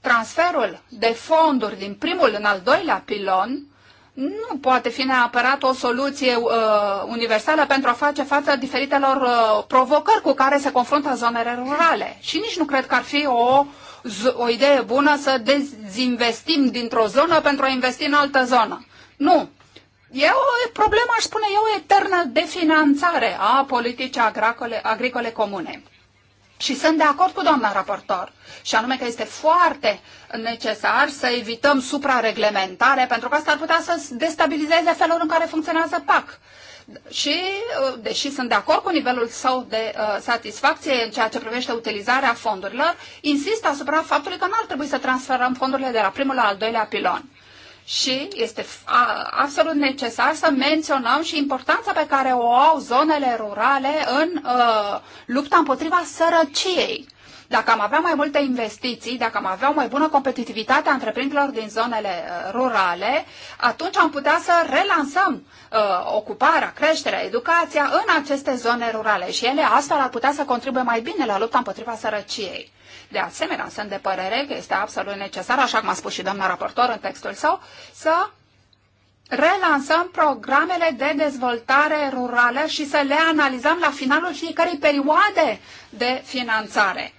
transferul de fonduri din primul în al doilea pilon nu poate fi neapărat o soluție uh, universală pentru a face față diferitelor uh, provocări cu care se confruntă zonele rurale. Și nici nu cred că ar fi o, o idee bună să dezinvestim dintr-o zonă pentru a investi în altă zonă. Nu. E o problemă, aș spune eu, eternă de finanțare a politicii agricole, agricole comune. Și sunt de acord cu doamna raportor, și anume că este foarte necesar să evităm suprareglementare, pentru că asta ar putea să destabilizeze felul în care funcționează PAC. Și, uh, deși sunt de acord cu nivelul său de uh, satisfacție în ceea ce privește utilizarea fondurilor, insist asupra faptului că nu ar trebui să transferăm fondurile de la primul la al doilea pilon și este absolut necesar să menționăm și importanța pe care o au zonele rurale în uh, lupta împotriva sărăciei. Dacă am avea mai multe investiții, dacă am avea o mai bună competitivitate a întreprinderilor din zonele uh, rurale, atunci am putea să relansăm uh, ocuparea, creșterea, educația în aceste zone rurale și ele astfel ar putea să contribuie mai bine la lupta împotriva sărăciei. De asemenea, sunt de părere că este absolut necesar, așa cum a spus și doamna raportor în textul său, să relansăm programele de dezvoltare rurală și să le analizăm la finalul fiecarei perioade de finanțare.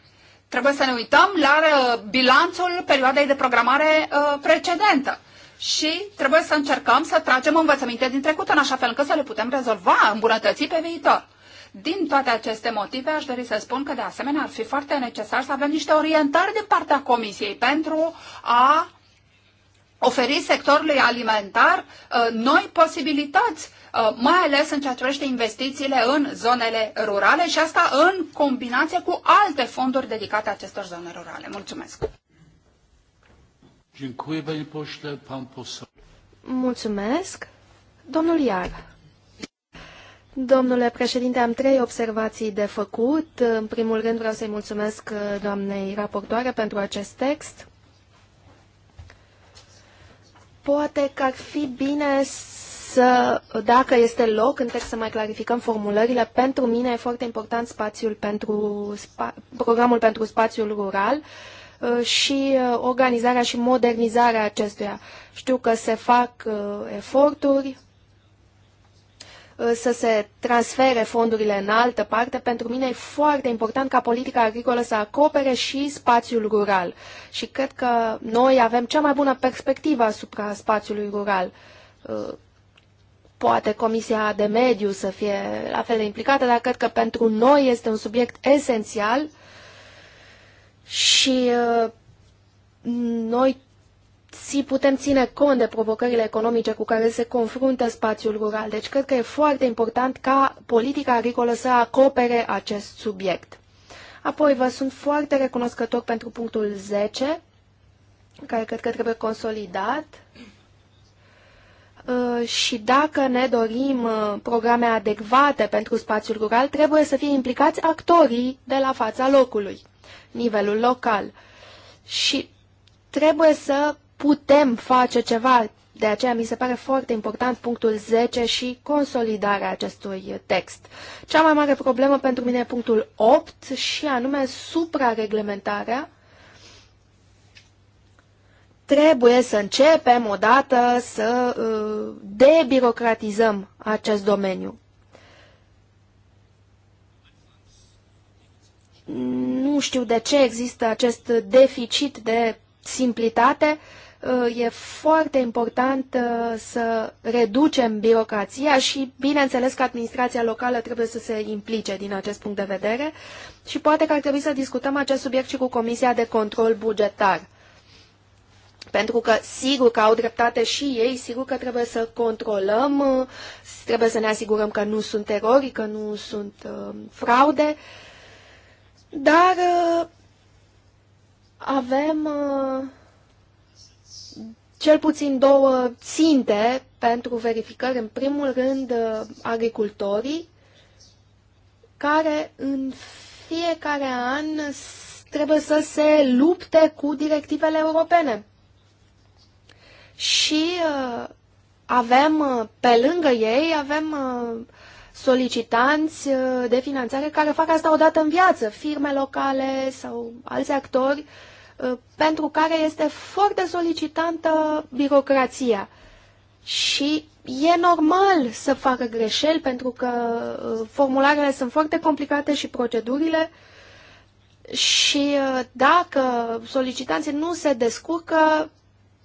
Trebuie să ne uităm la uh, bilanțul perioadei de programare uh, precedentă și trebuie să încercăm să tragem învățăminte din trecut în așa fel încât să le putem rezolva, îmbunătăți pe viitor. Din toate aceste motive, aș dori să spun că, de asemenea, ar fi foarte necesar să avem niște orientări din partea Comisiei pentru a oferi sectorului alimentar uh, noi posibilități Uh, mai ales în ceea ce privește investițiile în zonele rurale și asta în combinație cu alte fonduri dedicate acestor zone rurale. Mulțumesc! Mulțumesc! Domnul Iar. Domnule președinte, am trei observații de făcut. În primul rând vreau să-i mulțumesc uh, doamnei raportoare pentru acest text. Poate că ar fi bine să, dacă este loc în text să mai clarificăm formulările, pentru mine e foarte important spațiul pentru, spa, programul pentru spațiul rural uh, și uh, organizarea și modernizarea acestuia. Știu că se fac uh, eforturi să se transfere fondurile în altă parte, pentru mine e foarte important ca politica agricolă să acopere și spațiul rural. Și cred că noi avem cea mai bună perspectivă asupra spațiului rural Poate Comisia de Mediu să fie la fel de implicată, dar cred că pentru noi este un subiect esențial și uh, noi si putem ține cont de provocările economice cu care se confruntă spațiul rural. Deci cred că e foarte important ca politica agricolă să acopere acest subiect. Apoi vă sunt foarte recunoscător pentru punctul 10, care cred că trebuie consolidat. Uh, Uh, și dacă ne dorim uh, programe adecvate pentru spațiul rural, trebuie să fie implicați actorii de la fața locului, nivelul local. Și trebuie să putem face ceva. De aceea mi se pare foarte important punctul 10 și consolidarea acestui text. Cea mai mare problemă pentru mine e punctul 8 și anume suprareglementarea Trebuie să începem odată să uh, debirocratizăm acest domeniu. Nu știu de ce există acest deficit de simplitate. Uh, e foarte important uh, să reducem birocrația și, bineînțeles, că administrația locală trebuie să se implice din acest punct de vedere și poate că ar trebui să discutăm acest subiect și cu Comisia de Control Bugetar pentru că sigur că au dreptate și ei, sigur că trebuie să controlăm, trebuie să ne asigurăm că nu sunt erori, că nu sunt uh, fraude, dar uh, avem uh, cel puțin două ținte pentru verificări. În primul rând, uh, agricultorii, care în fiecare an trebuie să se lupte cu directivele europene și uh, avem, uh, pe lângă ei, avem uh, solicitanți de finanțare care fac asta odată în viață, firme locale sau alți actori, pentru care este foarte solicitantă birocrația. Și e normal să facă greșeli pentru că formularele sunt foarte complicate și procedurile și dacă solicitanții nu se descurcă,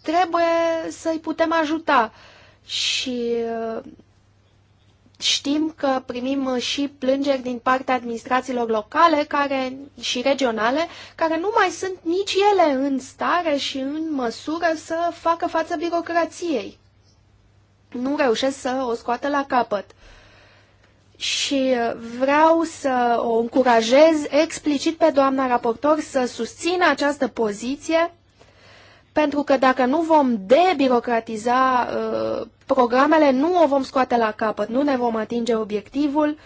trebuie să-i putem ajuta. Și uh, știm că primim și plângeri din partea administrațiilor locale care, și regionale, care nu mai sunt nici ele în stare și în măsură să facă față birocrației. Nu reușesc să o scoată la capăt. Și uh, vreau să o încurajez explicit pe doamna raportor să susțină această poziție pentru că dacă nu vom debirocratiza uh, programele, nu o vom scoate la capăt, nu ne vom atinge obiectivul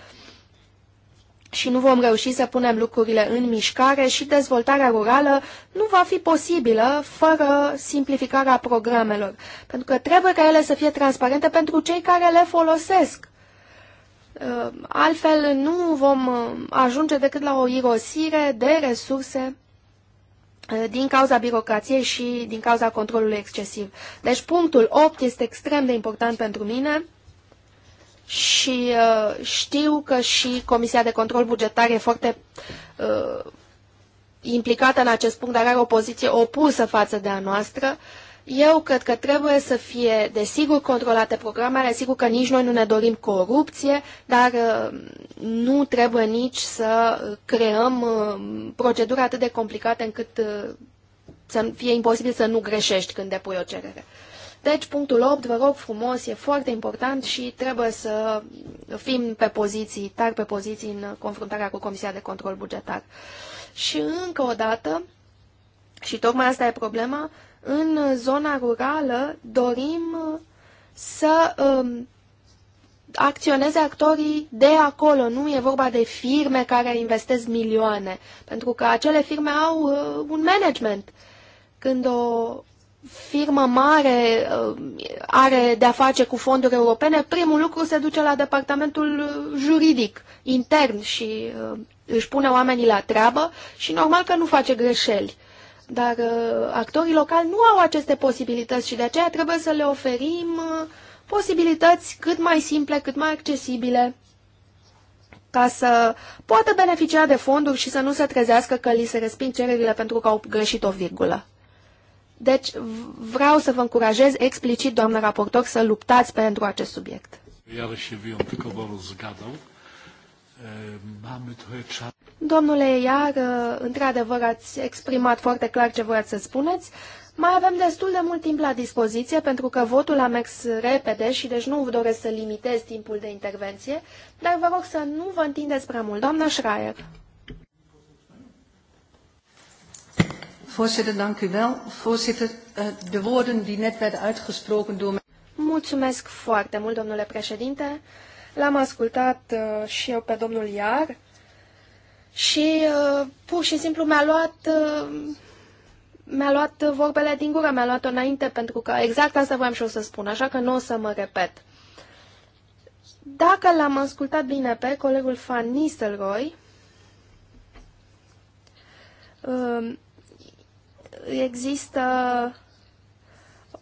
și nu vom reuși să punem lucrurile în mișcare și dezvoltarea rurală nu va fi posibilă fără simplificarea programelor, pentru că trebuie ca ele să fie transparente pentru cei care le folosesc. Uh, altfel nu vom uh, ajunge decât la o irosire de resurse din cauza birocrației și din cauza controlului excesiv. Deci punctul 8 este extrem de important pentru mine și uh, știu că și Comisia de Control Bugetar e foarte uh, implicată în acest punct, dar are o poziție opusă față de a noastră eu cred că trebuie să fie, desigur, controlate programele, sigur că nici noi nu ne dorim corupție, dar uh, nu trebuie nici să creăm uh, proceduri atât de complicate încât uh, să fie imposibil să nu greșești când depui o cerere. Deci, punctul 8, vă rog frumos, e foarte important și trebuie să fim pe poziții, tar pe poziții în confruntarea cu Comisia de Control Bugetar. Și încă o dată, și tocmai asta e problema, în zona rurală dorim uh, să um, acționeze actorii de acolo. Nu e vorba de firme care investesc milioane, pentru că acele firme au uh, un management. Când o firmă mare uh, are de-a face cu fonduri europene, primul lucru se duce la departamentul uh, juridic intern și uh, își pune oamenii la treabă și normal că nu face greșeli. Uh, dar uh, actorii locali nu au aceste posibilități și de aceea trebuie să le oferim uh, posibilități cât mai simple, cât mai accesibile, ca să poată beneficia de fonduri și să nu se trezească că li se resping cererile pentru că au greșit o virgulă. Deci vreau să vă încurajez explicit, doamnă raportor, să luptați pentru acest subiect. Domnule Iar, într-adevăr ați exprimat foarte clar ce voiați să spuneți. Mai avem destul de mult timp la dispoziție pentru că votul a mers repede și deci nu doresc să limitez timpul de intervenție, dar vă rog să nu vă întindeți prea mult. Doamna Schreier. Eh, de Mulțumesc foarte mult, domnule președinte. L-am ascultat uh, și eu pe domnul Iar și uh, pur și simplu mi-a luat uh, mi-a luat vorbele din gură, mi-a luat-o înainte, pentru că exact asta voiam și eu să spun, așa că nu o să mă repet. Dacă l-am ascultat bine pe colegul Fan Nistelrooy, um, există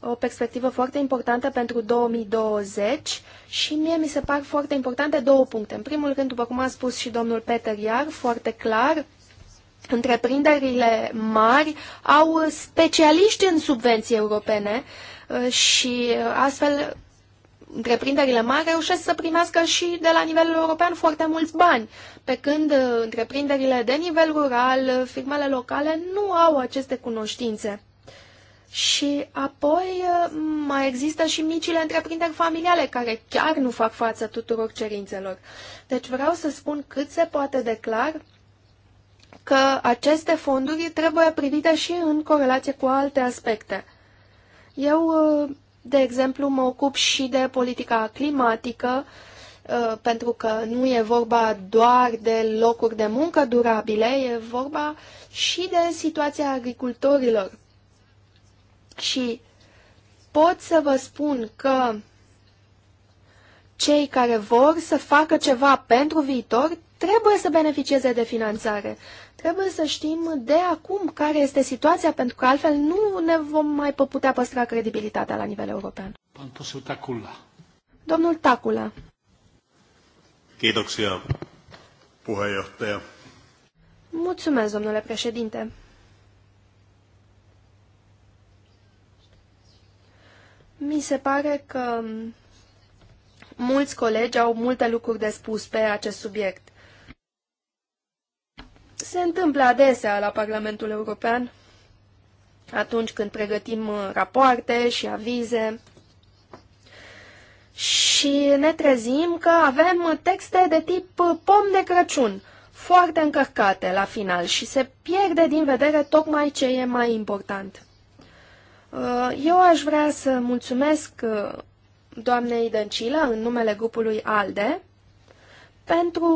o perspectivă foarte importantă pentru 2020 și mie mi se par foarte importante două puncte. În primul rând, după cum a spus și domnul Peter Iar, foarte clar, întreprinderile mari au specialiști în subvenții europene uh, și uh, astfel întreprinderile mari reușesc să primească și de la nivelul european foarte mulți bani, pe când uh, întreprinderile de nivel rural, firmele locale, nu au aceste cunoștințe. Și apoi uh, mai există și micile întreprinderi familiale care chiar nu fac față tuturor cerințelor. Deci vreau să spun cât se poate declar că aceste fonduri trebuie privite și în corelație cu alte aspecte. Eu, uh, de exemplu, mă ocup și de politica climatică, uh, pentru că nu e vorba doar de locuri de muncă durabile, e vorba și de situația agricultorilor și pot să vă spun că cei care vor să facă ceva pentru viitor trebuie să beneficieze de finanțare. Trebuie să știm de acum care este situația, pentru că altfel nu ne vom mai putea păstra credibilitatea la nivel european. Domnul Tacula. Kiitoksia, puheenjohtaja. Mulțumesc, domnule președinte. Mi se pare că mulți colegi au multe lucruri de spus pe acest subiect. Se întâmplă adesea la Parlamentul European, atunci când pregătim rapoarte și avize, și ne trezim că avem texte de tip pom de Crăciun, foarte încărcate la final și se pierde din vedere tocmai ce e mai important. Uh, eu aș vrea să mulțumesc uh, doamnei Dăncilă în numele grupului ALDE pentru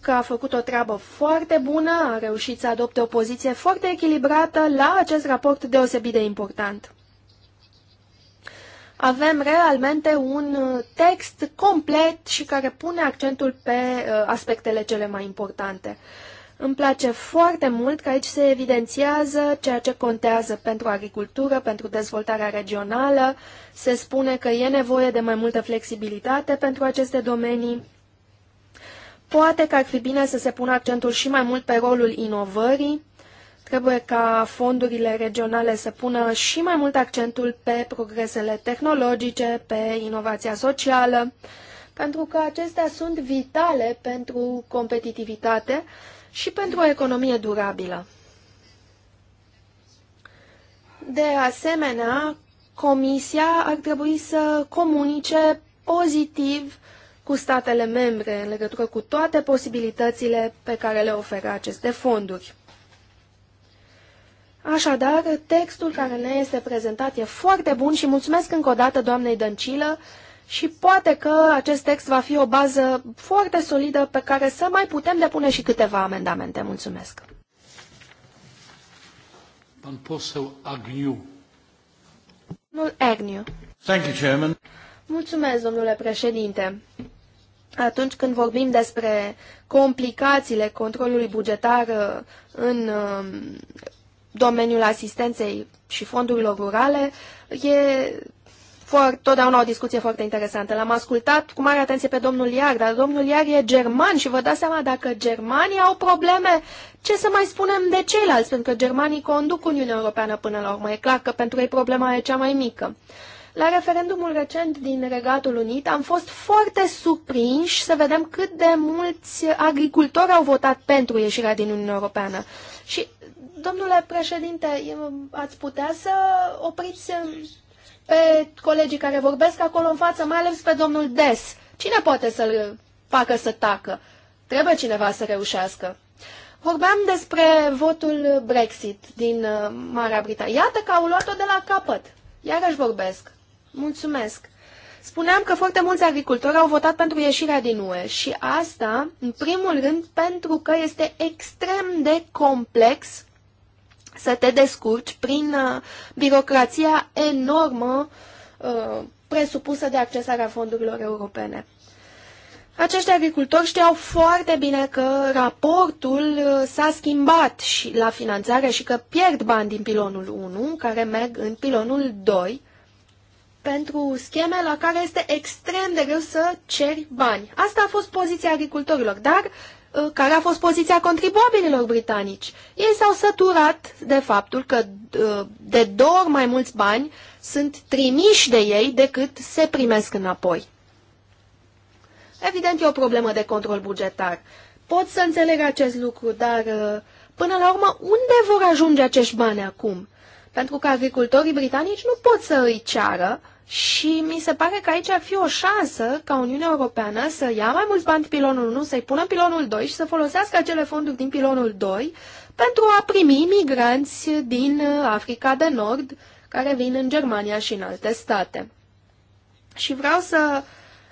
că a făcut o treabă foarte bună, a reușit să adopte o poziție foarte echilibrată la acest raport deosebit de important. Avem realmente un uh, text complet și care pune accentul pe aspectele cele mai importante. Îmi place foarte mult că aici se evidențiază ceea ce contează pentru agricultură, pentru dezvoltarea regională. Se spune că e nevoie de mai multă flexibilitate pentru aceste domenii. Poate că ar fi bine să se pună accentul și mai mult pe rolul inovării. Trebuie ca fondurile regionale să pună și mai mult accentul pe progresele tehnologice, pe inovația socială, pentru că acestea sunt vitale pentru competitivitate și pentru o economie durabilă. De asemenea, Comisia ar trebui să comunice pozitiv cu statele membre în legătură cu toate posibilitățile pe care le oferă aceste fonduri. Așadar, textul care ne este prezentat e foarte bun și mulțumesc încă o dată doamnei Dăncilă și poate că acest text va fi o bază foarte solidă pe care să mai putem depune și câteva amendamente. Mulțumesc. Pan Agniu. Domnul Agniu. Thank you, Chairman. Mulțumesc, domnule președinte. Atunci când vorbim despre complicațiile controlului bugetar uh, în um, domeniul asistenței și fondurilor rurale, e foarte, totdeauna o discuție foarte interesantă. L-am ascultat cu mare atenție pe domnul Iar, dar domnul Iar e german și vă dați seama dacă germanii au probleme, ce să mai spunem de ceilalți, pentru că germanii conduc Uniunea Europeană până la urmă. E clar că pentru ei problema e cea mai mică. La referendumul recent din Regatul Unit am fost foarte surprinși să vedem cât de mulți agricultori au votat pentru ieșirea din Uniunea Europeană. Și, domnule președinte, ați putea să opriți pe colegii care vorbesc acolo în față, mai ales pe domnul Des. Cine poate să-l facă să tacă? Trebuie cineva să reușească. Vorbeam despre votul Brexit din uh, Marea Britanie. Iată că au luat-o de la capăt. Iarăși vorbesc. Mulțumesc. Spuneam că foarte mulți agricultori au votat pentru ieșirea din UE și asta, în primul rând, pentru că este extrem de complex să te descurci prin uh, birocrația enormă uh, presupusă de accesarea fondurilor europene. Acești agricultori știau foarte bine că raportul uh, s-a schimbat și la finanțare și că pierd bani din pilonul 1, care merg în pilonul 2, pentru scheme la care este extrem de greu să ceri bani. Asta a fost poziția agricultorilor, dar Uh, care a fost poziția contribuabililor britanici. Ei s-au săturat de faptul că uh, de două ori mai mulți bani sunt trimiși de ei decât se primesc înapoi. Evident, e o problemă de control bugetar. Pot să înțeleg acest lucru, dar uh, până la urmă, unde vor ajunge acești bani acum? Pentru că agricultorii britanici nu pot să îi ceară și mi se pare că aici ar fi o șansă ca Uniunea Europeană să ia mai mulți bani pilonul 1, să-i pună pilonul 2 și să folosească acele fonduri din pilonul 2 pentru a primi migranți din uh, Africa de Nord care vin în Germania și în alte state. Și vreau să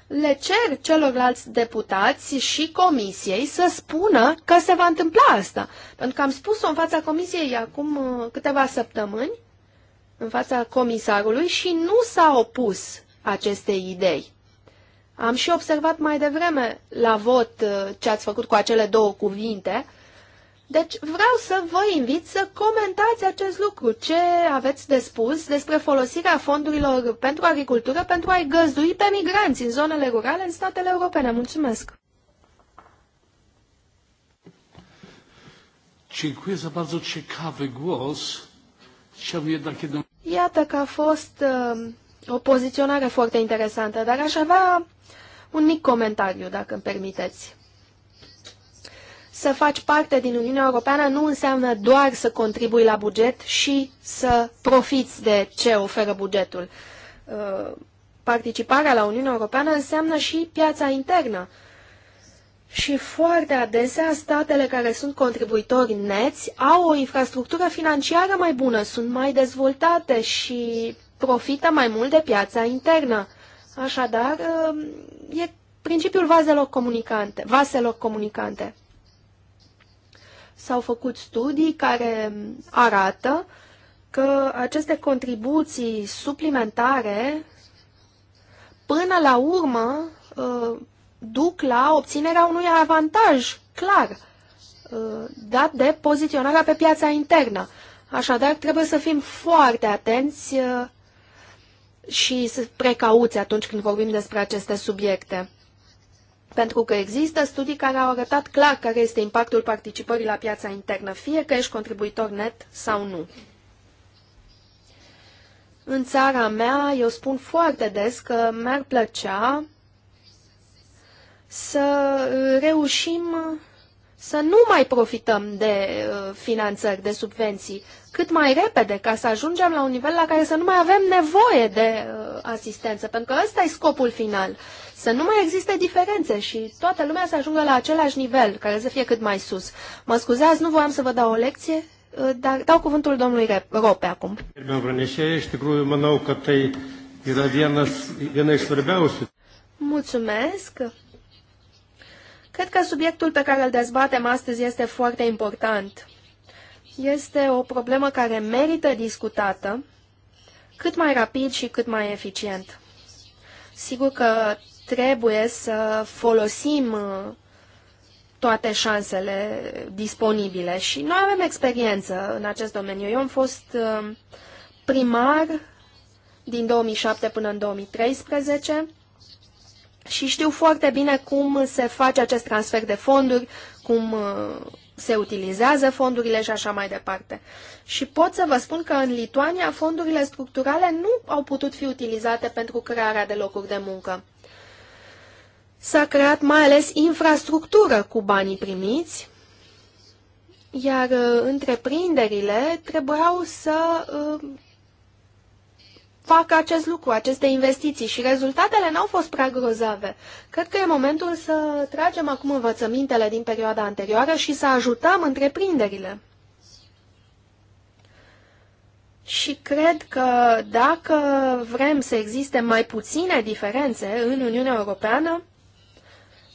le cer celorlalți deputați și comisiei să spună că se va întâmpla asta. Pentru că am spus-o în fața comisiei acum uh, câteva săptămâni în fața comisarului și nu s-a opus acestei idei. Am și observat mai devreme la vot uh, ce ați făcut cu acele două cuvinte, deci vreau să vă invit să comentați acest lucru, ce aveți de spus despre folosirea fondurilor pentru agricultură pentru a-i găzdui pe migranți în zonele rurale în statele europene. Mulțumesc! Dziękuję za bardzo ciekawy głos. Chciałbym jednak jedną... Iată că a fost uh, o poziționare foarte interesantă, dar aș avea un mic comentariu, dacă îmi permiteți. Să faci parte din Uniunea Europeană nu înseamnă doar să contribui la buget și să profiți de ce oferă bugetul. Uh, participarea la Uniunea Europeană înseamnă și piața internă. Și foarte adesea, statele care sunt contribuitori neți au o infrastructură financiară mai bună, sunt mai dezvoltate și profită mai mult de piața internă. Așadar, e principiul vaselor comunicante. Vaselor comunicante. S-au făcut studii care arată că aceste contribuții suplimentare, până la urmă, uh, duc la obținerea unui avantaj clar uh, dat de poziționarea pe piața internă. Așadar, trebuie să fim foarte atenți uh, și să precauți atunci când vorbim despre aceste subiecte. Pentru că există studii care au arătat clar care este impactul participării la piața internă, fie că ești contribuitor net sau nu. În țara mea, eu spun foarte des că mi-ar plăcea să uh, reușim uh, să nu mai profităm de uh, finanțări, de subvenții, cât mai repede, ca să ajungem la un nivel la care să nu mai avem nevoie de asistență, pentru că ăsta e scopul final, să nu mai existe diferențe și toată lumea să ajungă la același nivel, care să fie cât mai sus. Mă scuzați, nu voiam să vă dau o lecție, dar dau cuvântul domnului Rope acum. Mulțumesc! Cred că subiectul pe care îl dezbatem astăzi este foarte important. Este o problemă care merită discutată cât mai rapid și cât mai eficient. Sigur că trebuie să folosim uh, toate șansele disponibile și noi avem experiență în acest domeniu. Eu am fost uh, primar din 2007 până în 2013 și știu foarte bine cum se face acest transfer de fonduri, cum uh, se utilizează fondurile și așa mai departe. Și pot să vă spun că în Lituania fondurile structurale nu au putut fi utilizate pentru crearea de locuri de muncă. S-a creat mai ales infrastructură cu banii primiți, iar uh, întreprinderile trebuiau să uh, facă acest lucru, aceste investiții și rezultatele n-au fost prea grozave. Cred că e momentul să tragem acum învățămintele din perioada anterioară și să ajutăm întreprinderile. Și cred că dacă vrem să existe mai puține diferențe în Uniunea Europeană,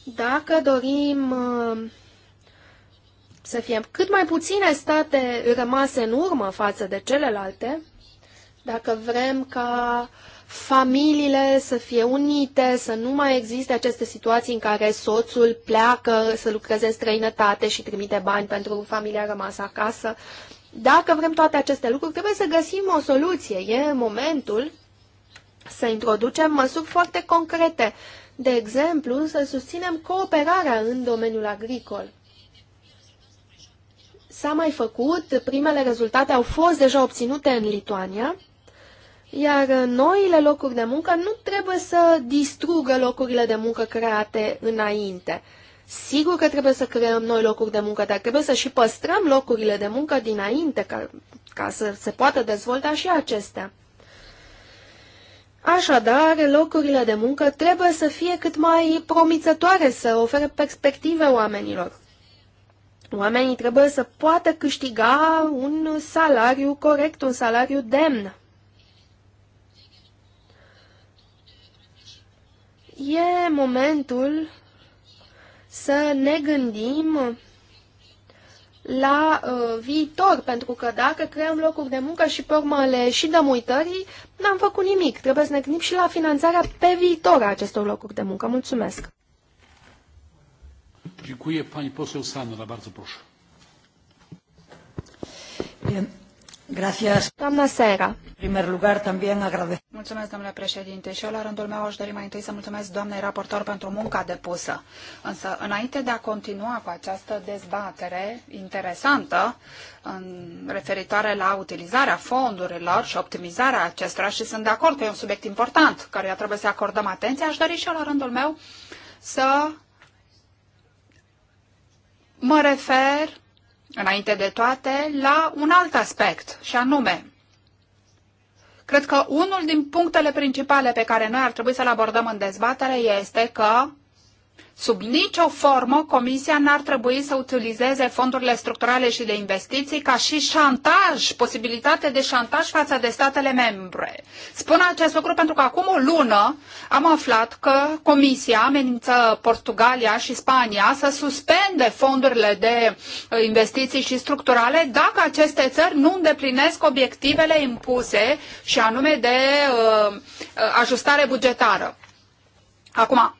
dacă dorim uh, să fie cât mai puține state rămase în urmă față de celelalte, dacă vrem ca familiile să fie unite, să nu mai existe aceste situații în care soțul pleacă să lucreze în străinătate și trimite bani pentru familia rămasă acasă. Dacă vrem toate aceste lucruri, trebuie să găsim o soluție. E momentul să introducem măsuri foarte concrete. De exemplu, să susținem cooperarea în domeniul agricol. S-a mai făcut, primele rezultate au fost deja obținute în Lituania iar noile locuri de muncă nu trebuie să distrugă locurile de muncă create înainte. Sigur că trebuie să creăm noi locuri de muncă, dar trebuie să și păstrăm locurile de muncă dinainte ca, ca să se poată dezvolta și acestea. Așadar, locurile de muncă trebuie să fie cât mai promițătoare, să ofere perspective oamenilor. Oamenii trebuie să poată câștiga un salariu corect, un salariu demn. E momentul să ne gândim la uh, viitor, pentru că dacă creăm locuri de muncă și pe urmă le și dăm uitării, n-am făcut nimic. Trebuie să ne gândim și la finanțarea pe viitor a acestor locuri de muncă. Mulțumesc! Dziękuję pani poseł Sanna, bardzo proszę. Gracias. Doamna Sera. primul lugar, también agradez. Mulțumesc, domnule președinte. Și eu, la rândul meu, aș dori mai întâi să mulțumesc doamnei raportor pentru munca depusă. Însă, înainte de a continua cu această dezbatere interesantă, în referitoare la utilizarea fondurilor și optimizarea acestora, și sunt de acord că e un subiect important, care trebuie să acordăm atenție, aș dori și eu, la rândul meu, să mă refer înainte de toate, la un alt aspect, și anume, cred că unul din punctele principale pe care noi ar trebui să-l abordăm în dezbatere este că Sub nicio formă, Comisia n-ar trebui să utilizeze fondurile structurale și de investiții ca și șantaj, posibilitate de șantaj față de statele membre. Spun acest lucru pentru că acum o lună am aflat că Comisia amenință Portugalia și Spania să suspende fondurile de uh, investiții și structurale dacă aceste țări nu îndeplinesc obiectivele impuse și anume de uh, uh ajustare bugetară. Acum,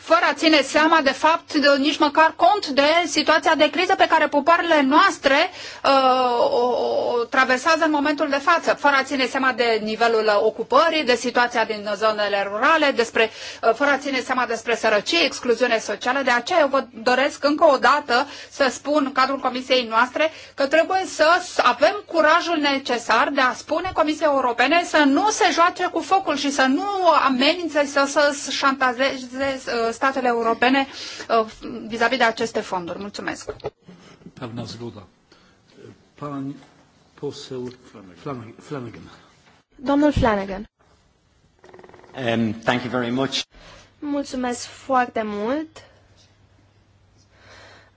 fără a ține seama, de fapt, de, nici măcar cont de situația de criză pe care popoarele noastre uh, o, o traversează în momentul de față, fără a ține seama de nivelul ocupării, de situația din zonele rurale, despre, uh, fără a ține seama despre sărăcie, excluziune socială. De aceea eu vă doresc încă o dată să spun în cadrul Comisiei noastre că trebuie să avem curajul necesar de a spune Comisiei Europene să nu se joace cu focul și să nu amenințe, să, să șantazeze, Uh, statele europene uh, vis-a-vis -vis de aceste fonduri. Mulțumesc. Pewna zgoda. Pan poseł Flanagan. Domnul Flanagan. Um, thank you very much. Mulțumesc foarte mult.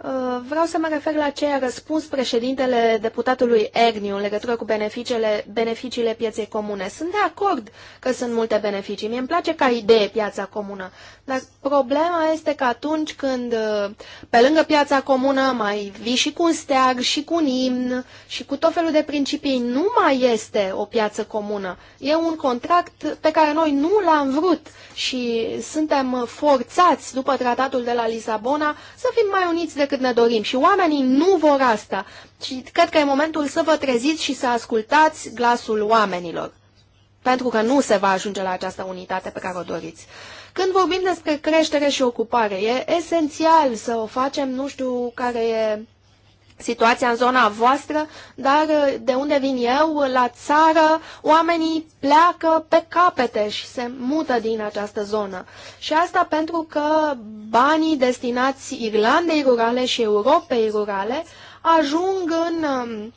Uh, vreau să mă refer la ce a răspuns președintele deputatului Erniu în legătură cu beneficiile, beneficiile pieței comune. Sunt de acord că sunt multe beneficii. Mie îmi place ca idee piața comună. Dar problema este că atunci când uh, pe lângă piața comună mai vii și cu un steag, și cu un imn, și cu tot felul de principii, nu mai este o piață comună. E un contract pe care noi nu l-am vrut și suntem forțați după tratatul de la Lisabona să fim mai uniți decât cât ne dorim și oamenii nu vor asta. Și cred că e momentul să vă treziți și să ascultați glasul oamenilor, pentru că nu se va ajunge la această unitate pe care o doriți. Când vorbim despre creștere și ocupare, e esențial să o facem, nu știu care e situația în zona voastră, dar uh, de unde vin eu, la țară, oamenii pleacă pe capete și se mută din această zonă. Și asta pentru că banii destinați Irlandei rurale și Europei rurale ajung în um,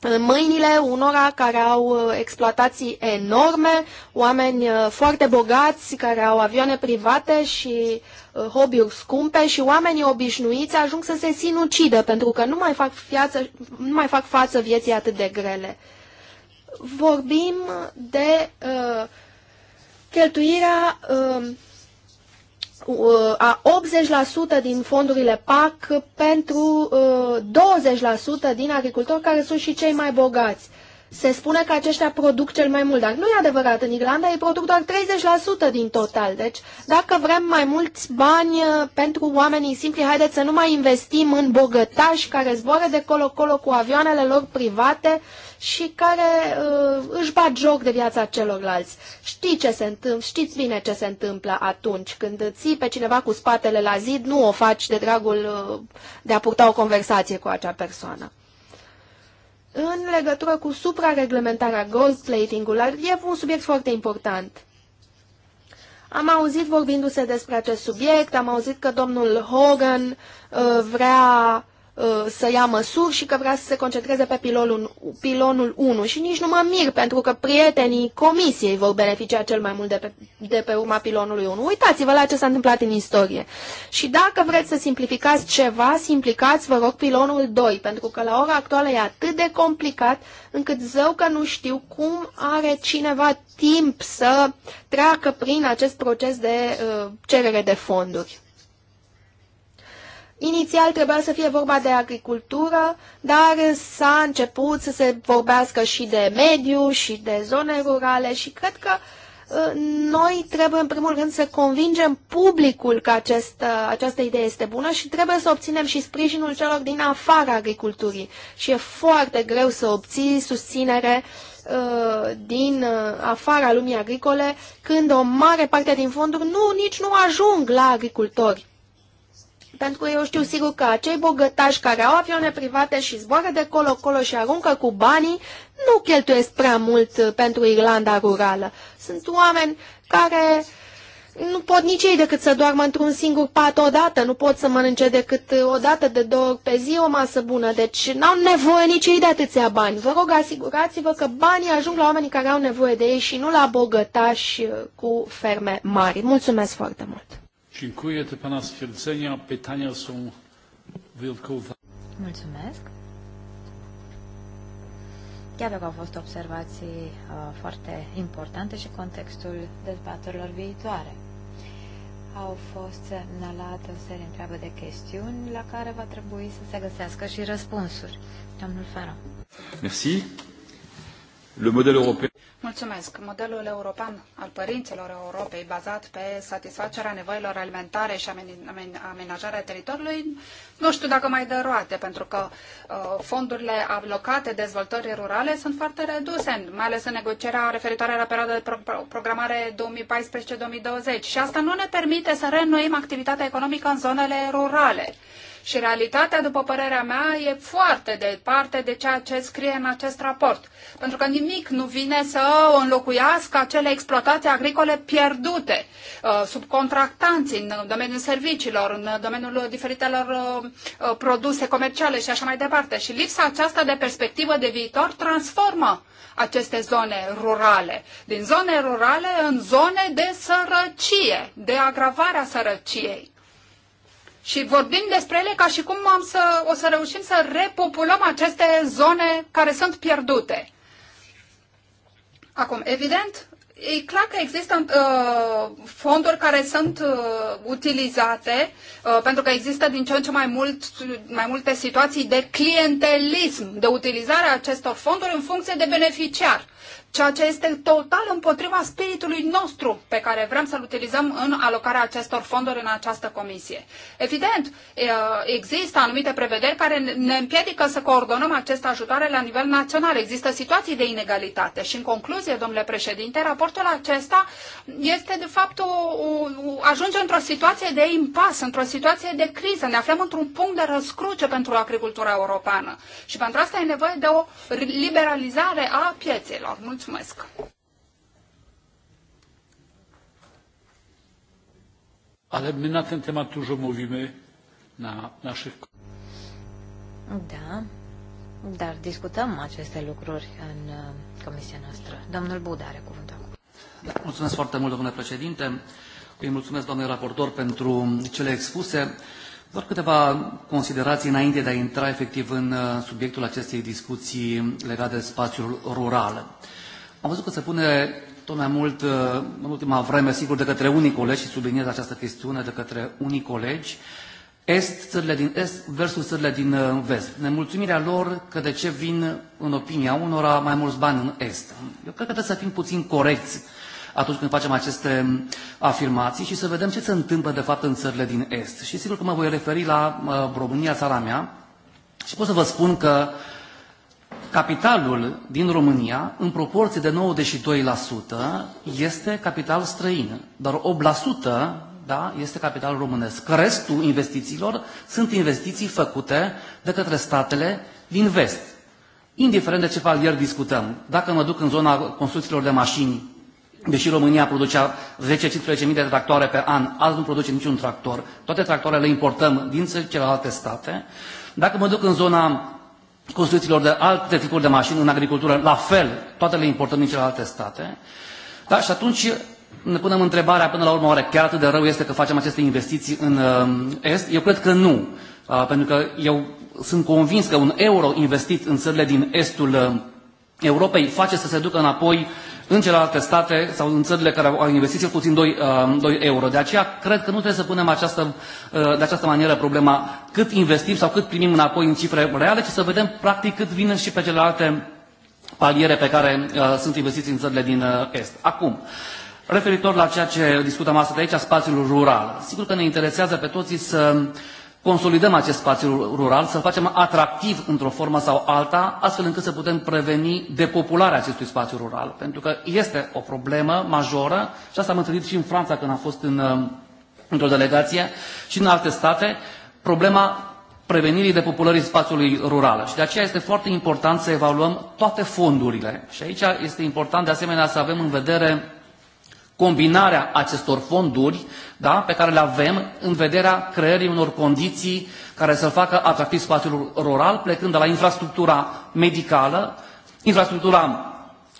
în mâinile unora care au uh, exploatații enorme, oameni uh, foarte bogați care au avioane private și uh, hobby-uri scumpe și oamenii obișnuiți ajung să se sinucidă pentru că nu mai fac, fiață, nu mai fac față vieții atât de grele. Vorbim de uh, cheltuirea uh, Uh, a 80% din fondurile PAC pentru 20% uh, din agricultori care sunt și cei mai bogați. Se spune că aceștia produc cel mai mult, dar nu e adevărat. În Irlanda ei produc doar 30% din total. Deci, dacă vrem mai mulți bani uh, pentru oamenii simpli, haideți să nu mai investim în bogătași care zboară de colo-colo cu avioanele lor private uh, și care uh, își bat joc de viața celorlalți. Știi ce se întâmplă, știți bine ce se întâmplă atunci când ții pe cineva cu spatele la zid, nu o faci de dragul uh, de a purta o conversație cu acea persoană. În legătură cu suprareglementarea gold plating ului e un subiect foarte important. Am auzit vorbindu-se despre acest subiect, am auzit că domnul Hogan uh, vrea Uh, să ia măsuri și că vrea să se concentreze pe pilonul, pilonul 1 și nici nu mă mir pentru că prietenii comisiei vor beneficia cel mai mult de pe, de pe urma pilonului 1. Uitați-vă la ce s-a întâmplat în istorie. Și dacă vreți să simplificați ceva, simplificați, vă rog, pilonul 2, pentru că la ora actuală e atât de complicat încât zău că nu știu cum are cineva timp să treacă prin acest proces de uh, cerere de fonduri. Inițial trebuia să fie vorba de agricultură, dar s-a început să se vorbească și de mediu și de zone rurale și cred că ă, noi trebuie în primul rând să convingem publicul că acest, ă, această idee este bună și trebuie să obținem și sprijinul celor din afara agriculturii. Și e foarte greu să obții susținere ă, din afara lumii agricole, când o mare parte din fonduri nu, nici nu ajung la agricultori. Pentru că eu știu sigur că acei bogătași care au avioane private și zboară de colo-colo și aruncă cu banii, nu cheltuiesc prea mult uh, pentru Irlanda rurală. Sunt oameni care nu pot nici ei decât să doarmă într-un singur pat odată, nu pot să mănânce decât uh, o dată de două ori pe zi o masă bună, deci n-au nevoie nici ei de atâția bani. Vă rog, asigurați-vă că banii ajung la oamenii care au nevoie de ei și nu la bogătași uh, cu ferme mari. Mulțumesc foarte mult! Dziękuję. Te pana stwierdzenia, pytania są wyjątkowo Mulțumesc. Chiar dacă au fost observații uh, foarte importante și contextul dezbaterilor viitoare. Au fost semnalate o serie întreabă de chestiuni la care va trebui să se găsească și răspunsuri. Domnul Faro. Merci. Le model european. Mulțumesc. Modelul european al părinților Europei, bazat pe satisfacerea nevoilor alimentare și amenajarea teritoriului, nu știu dacă mai dă roate, pentru că uh, fondurile alocate dezvoltării rurale sunt foarte reduse, mai ales în negocierea referitoare la perioada de pro programare 2014-2020. Și asta nu ne permite să reînnoim activitatea economică în zonele rurale. Uh, și realitatea, după părerea mea, e foarte departe de ceea ce scrie în acest raport. Pentru că nimic nu vine să înlocuiască acele exploatații agricole pierdute, uh, subcontractanții în domeniul serviciilor, în domeniul diferitelor uh, uh, produse comerciale și așa mai departe. Și lipsa aceasta de perspectivă de viitor transformă aceste zone rurale, din zone rurale în zone de sărăcie, de agravarea sărăciei. Și vorbim despre ele ca și cum am să, o să reușim să repopulăm aceste zone care sunt pierdute. Acum, evident, e clar că există uh, fonduri care sunt uh, utilizate uh, pentru că există din ce în ce mai, mult, mai multe situații de clientelism, de utilizarea acestor fonduri în funcție de beneficiar ceea ce este total împotriva spiritului nostru pe care vrem să-l utilizăm în alocarea acestor fonduri în această comisie. Evident, există anumite prevederi care ne împiedică să coordonăm aceste ajutoare la nivel național. Există situații de inegalitate și, în concluzie, domnule președinte, raportul acesta este, de fapt, o, o, ajunge într-o situație de impas, într-o situație de criză. Ne aflăm într-un punct de răscruce pentru agricultura europeană și pentru asta e nevoie de o liberalizare a piețelor. Mulțumesc! Mulțumesc! Ale my na ten temat dużo mówimy na naszych... Da, dar discutăm aceste lucruri în uh, comisia noastră. Domnul Buda are cuvântul acum. Da, mulțumesc foarte mult, domnule președinte. Îi mulțumesc, domnule raportor, pentru cele expuse. Doar câteva considerații înainte de a intra efectiv în uh, subiectul acestei discuții legate de spațiul rural. Am văzut că se pune tot mai mult uh, în ultima vreme, sigur, de către unii colegi și subliniez această chestiune de către unii colegi, est, țările din est versus țările din uh, vest. Nemulțumirea lor că de ce vin, în opinia unora, mai mulți bani în est. Eu cred că trebuie să fim puțin corecți atunci când facem aceste um, afirmații și să vedem ce se întâmplă de fapt în țările din Est. Și sigur că mă voi referi la uh, România, țara mea, și pot să vă spun că uh, capitalul din România, în proporție de 92%, este capital străin, dar 8% da, este capital românesc. Restul investițiilor sunt investiții făcute de către statele din vest. Indiferent de ce valier discutăm, dacă mă duc în zona construcțiilor de mașini, deși România producea 10-15.000 de tractoare pe an, azi nu produce niciun tractor, toate tractoarele le importăm din celelalte state. Dacă mă duc în zona construcțiilor de alte tipuri de mașini în agricultură, la fel, toate le importăm din celelalte state. Da? Și atunci ne punem întrebarea până la urmă, oare chiar atât de rău este că facem aceste investiții în uh, Est? Eu cred că nu, uh, pentru că eu sunt convins că un euro investit în țările din Estul uh, Europei face să se ducă înapoi în celelalte state sau în țările care au investit cel puțin 2, 2 um, euro. De aceea cred că nu trebuie să punem această, uh, de această manieră problema cât investim sau cât primim înapoi în cifre reale, ci să vedem practic cât vine și pe celelalte paliere pe care uh, sunt investiți în țările din uh, Est. Acum, referitor la ceea ce discutăm astăzi aici, spațiul rural. Sigur că ne interesează pe toții să uh, consolidăm acest spațiu rural, să-l facem atractiv într-o formă sau alta, astfel încât să putem preveni depopularea acestui spațiu rural. Pentru că este o problemă majoră și asta am întâlnit și în Franța când am fost în, uh, într-o delegație și în alte state, problema prevenirii depopulării spațiului rural. Și de aceea este foarte important să evaluăm toate fondurile. Și aici este important de asemenea să avem în vedere combinarea acestor fonduri da, pe care le avem în vederea creării unor condiții care să facă atractiv spațiul rural, plecând de la infrastructura medicală, infrastructura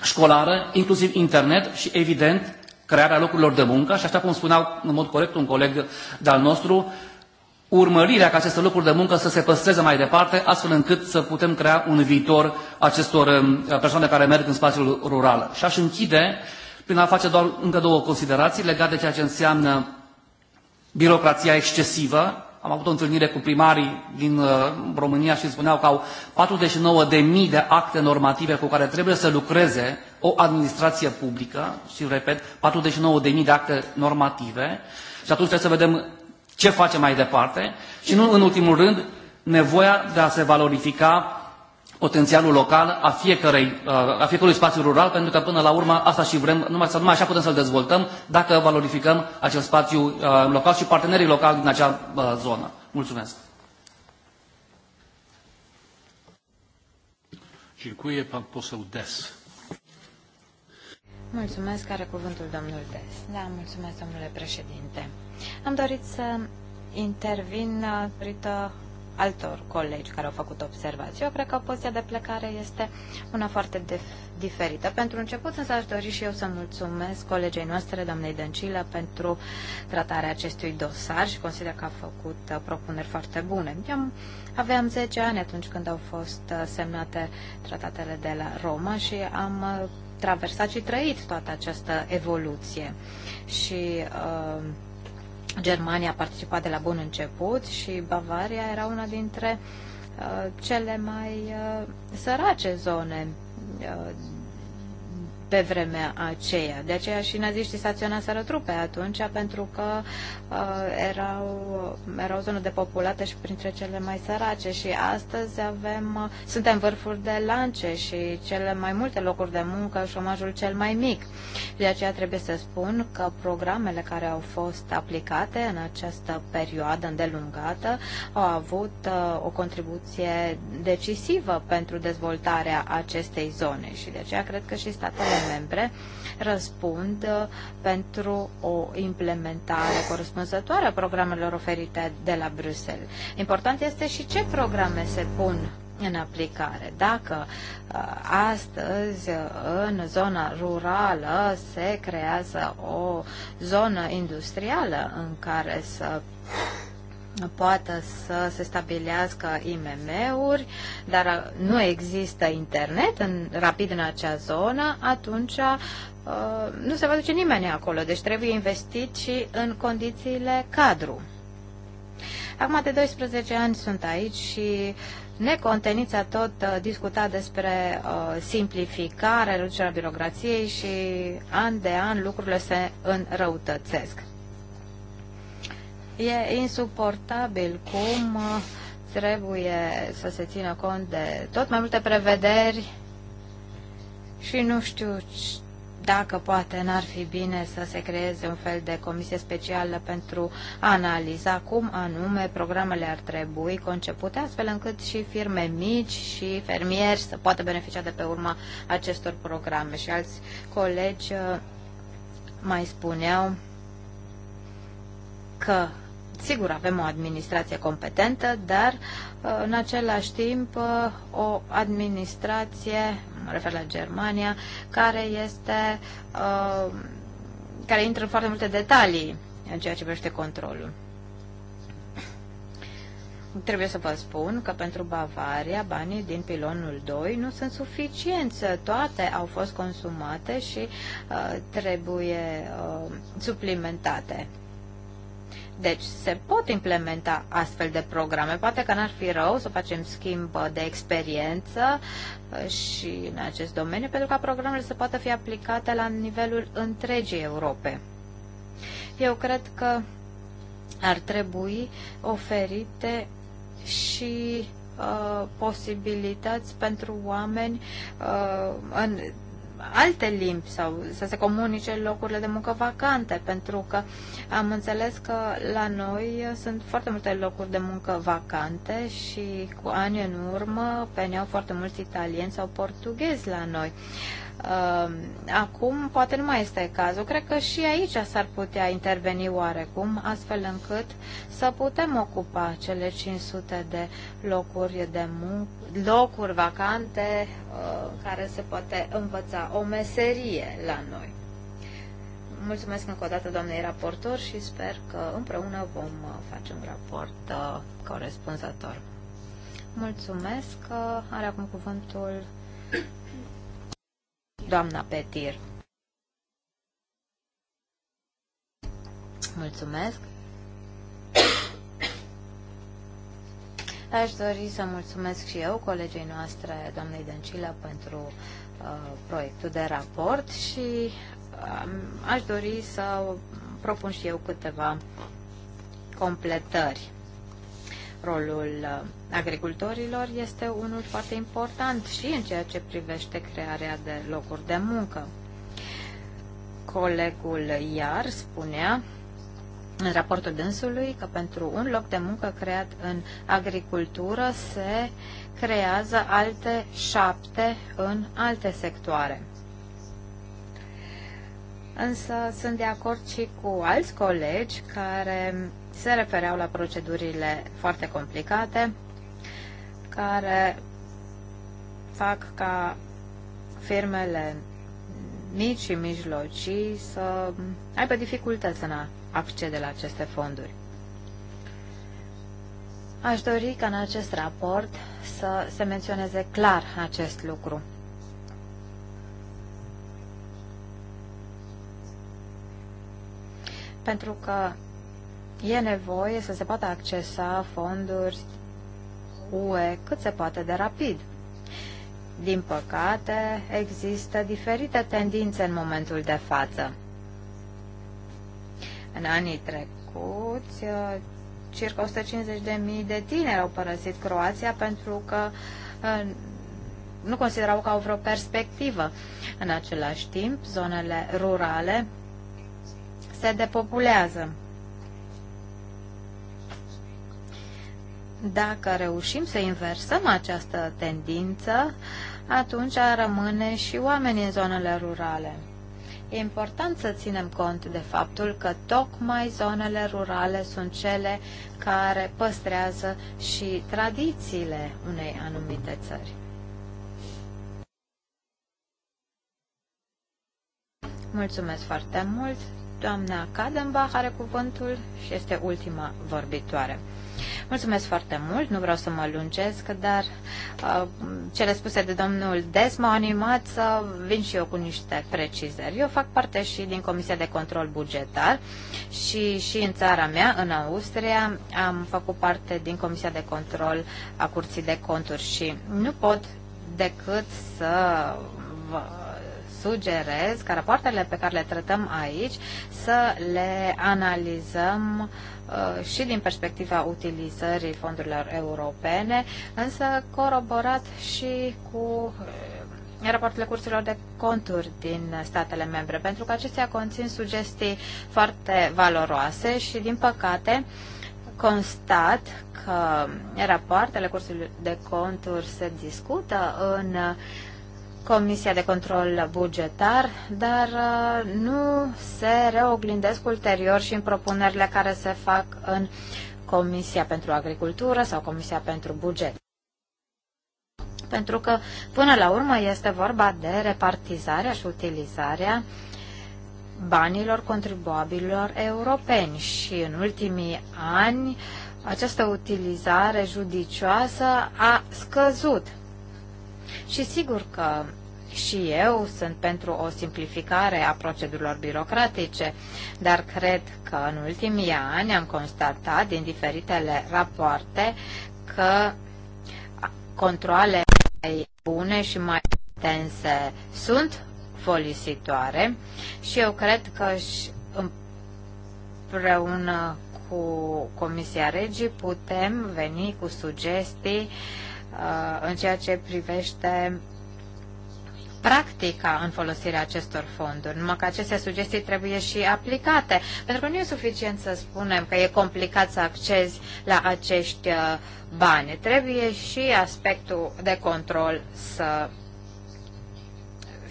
școlară, inclusiv internet și, evident, crearea locurilor de muncă și, așa cum spunea în mod corect un coleg de-al nostru, urmărirea ca aceste locuri de muncă să se păstreze mai departe, astfel încât să putem crea un viitor acestor um, persoane care merg în spațiul rural. Și aș închide uh, prin a face doar încă două considerații legate de ceea ce înseamnă birocrația excesivă. Am avut o întâlnire cu primarii din uh, România și spuneau că au 49.000 de acte normative cu care trebuie să lucreze o administrație publică și, repet, 49.000 de acte normative și atunci trebuie să vedem ce facem mai departe și nu în ultimul rând nevoia de a se valorifica potențialul local a, fiecărei, uh, a fiecărui spațiu rural, pentru că până la urmă asta și vrem, numai, numai așa putem să-l dezvoltăm dacă valorificăm acel spațiu uh, local și partenerii locali din acea uh, zonă. Mulțumesc! Circuie Pan poseł Des. Mulțumesc, are cuvântul domnul Des. Da, mulțumesc, domnule președinte. Am dorit să intervin datorită altor colegi care au făcut observații. Eu cred că poziția de plecare este una foarte diferită. Pentru început, însă, aș dori și eu să mulțumesc colegei noastre, doamnei Dăncilă, pentru tratarea acestui dosar și consider că a făcut uh, propuneri foarte bune. Eu aveam 10 ani atunci când au fost uh, semnate tratatele de la Roma și am uh, traversat și trăit toată această evoluție. Și uh, Germania a participat de la bun început și Bavaria era una dintre uh, cele mai uh, sărace zone uh, pe vremea aceea. De aceea și naziștii staționaseră trupe atunci, pentru că uh, erau, erau zonă depopulate și printre cele mai sărace și astăzi avem, uh, suntem vârfuri de lance și cele mai multe locuri de muncă, șomajul cel mai mic. De aceea trebuie să spun că programele care au fost aplicate în această perioadă îndelungată au avut uh, o contribuție decisivă pentru dezvoltarea acestei zone și de aceea cred că și statele membre răspund uh, pentru o implementare corespunzătoare a programelor oferite de la Bruxelles. Important este și ce programe se pun în aplicare. Dacă uh, astăzi uh, în zona rurală se creează o zonă industrială în care să poată să se stabilească IMM-uri, dar uh, nu există internet în, rapid în acea zonă, atunci uh, nu se va duce nimeni acolo. Deci trebuie investit și în condițiile cadru. Acum de 12 ani sunt aici și necontenița tot uh, discutat despre uh, simplificare, reducerea birocrației și an de an lucrurile se înrăutățesc. E insuportabil cum uh, trebuie să se țină cont de tot mai multe prevederi și nu știu dacă poate n-ar fi bine să se creeze un fel de comisie specială pentru a analiza cum anume programele ar trebui concepute, astfel încât și firme mici și fermieri să poată beneficia de pe urma acestor programe. Și alți colegi uh, mai spuneau că Sigur, avem o administrație competentă, dar uh, în același timp uh, o administrație, mă refer la Germania, care este uh, care intră în foarte multe detalii în ceea ce privește controlul. Trebuie să vă spun că pentru Bavaria banii din pilonul 2 nu sunt suficienți. Toate au fost consumate și uh, trebuie uh, suplimentate. Deci se pot implementa astfel de programe. Poate că n-ar fi rău să facem schimb de experiență uh, și în acest domeniu, pentru ca programele să poată fi aplicate la nivelul întregii Europe. Eu cred că ar trebui oferite și uh, posibilități pentru oameni uh, în alte limbi sau să se comunice locurile de muncă vacante, pentru că am înțeles că la noi sunt foarte multe locuri de muncă vacante și cu ani în urmă veneau foarte mulți italieni sau portughezi la noi. Ehm, acum poate nu mai este cazul. Cred că și aici s-ar putea interveni oarecum, astfel încât să putem ocupa cele 500 de locuri de muncă, locuri vacante ehm, care se poate învăța o meserie la noi. Mulțumesc încă o dată doamnei raportor și sper că împreună vom uh, face un raport uh, corespunzător. Mulțumesc. că uh, are acum cuvântul doamna Petir. Mulțumesc. Aș dori să mulțumesc și eu colegii noastre, doamnei Dăncilă, pentru Uh, proiectul de raport și um, aș dori să propun și eu câteva completări. Rolul uh, agricultorilor este unul foarte important și în ceea ce privește crearea de locuri de muncă. Colegul Iar spunea în raportul dânsului că pentru un loc de muncă creat în agricultură se uh, creează alte șapte în alte sectoare. Însă sunt de acord și cu alți colegi care se refereau la procedurile foarte complicate, care fac ca firmele mici și mijlocii să aibă dificultăți în a accede la aceste fonduri. Aș dori ca în acest raport să se menționeze clar acest lucru. Pentru că e nevoie să se poată accesa fonduri UE cât se poate de rapid. Din păcate, există diferite tendințe în momentul de față. În anii trecuți, circa 150.000 de tineri au părăsit Croația pentru că uh, nu considerau că au vreo perspectivă. În același timp, zonele rurale se depopulează. Dacă reușim să inversăm această tendință, atunci rămâne și oamenii în zonele rurale. E important să ținem cont de faptul că tocmai zonele rurale sunt cele care păstrează și tradițiile unei anumite țări. Mulțumesc foarte mult! Doamna Kadenbach are cuvântul și este ultima vorbitoare. Mulțumesc foarte mult, nu vreau să mă lungesc, dar uh, cele spuse de domnul Des m-au animat să vin și eu cu niște precizări. Eu fac parte și din Comisia de Control Bugetar și, și în țara mea, în Austria, am făcut parte din Comisia de Control a Curții de Conturi și nu pot decât să vă sugerez ca rapoartele pe care le tratăm aici să le analizăm uh, și din perspectiva utilizării fondurilor europene, însă coroborat și cu uh, raportele curselor de conturi din statele membre, pentru că acestea conțin sugestii foarte valoroase și, din păcate, constat că rapoartele curților de conturi se discută în Comisia de Control Bugetar, dar uh, nu se reoglindesc ulterior și în propunerile care se fac în Comisia pentru Agricultură sau Comisia pentru Buget. Pentru că, până la urmă, este vorba de repartizarea și utilizarea banilor contribuabililor europeni și în ultimii ani această utilizare judicioasă a scăzut și sigur că și eu sunt pentru o simplificare a procedurilor birocratice, dar cred că în ultimii ani am constatat din diferitele rapoarte că controle mai bune și mai intense sunt folositoare și eu cred că și împreună cu Comisia Regii putem veni cu sugestii uh, Uh, în ceea ce privește practica în folosirea acestor fonduri, numai că aceste sugestii trebuie și aplicate, pentru că nu e suficient să spunem că e complicat să accezi la acești uh, bani. Trebuie și aspectul de control să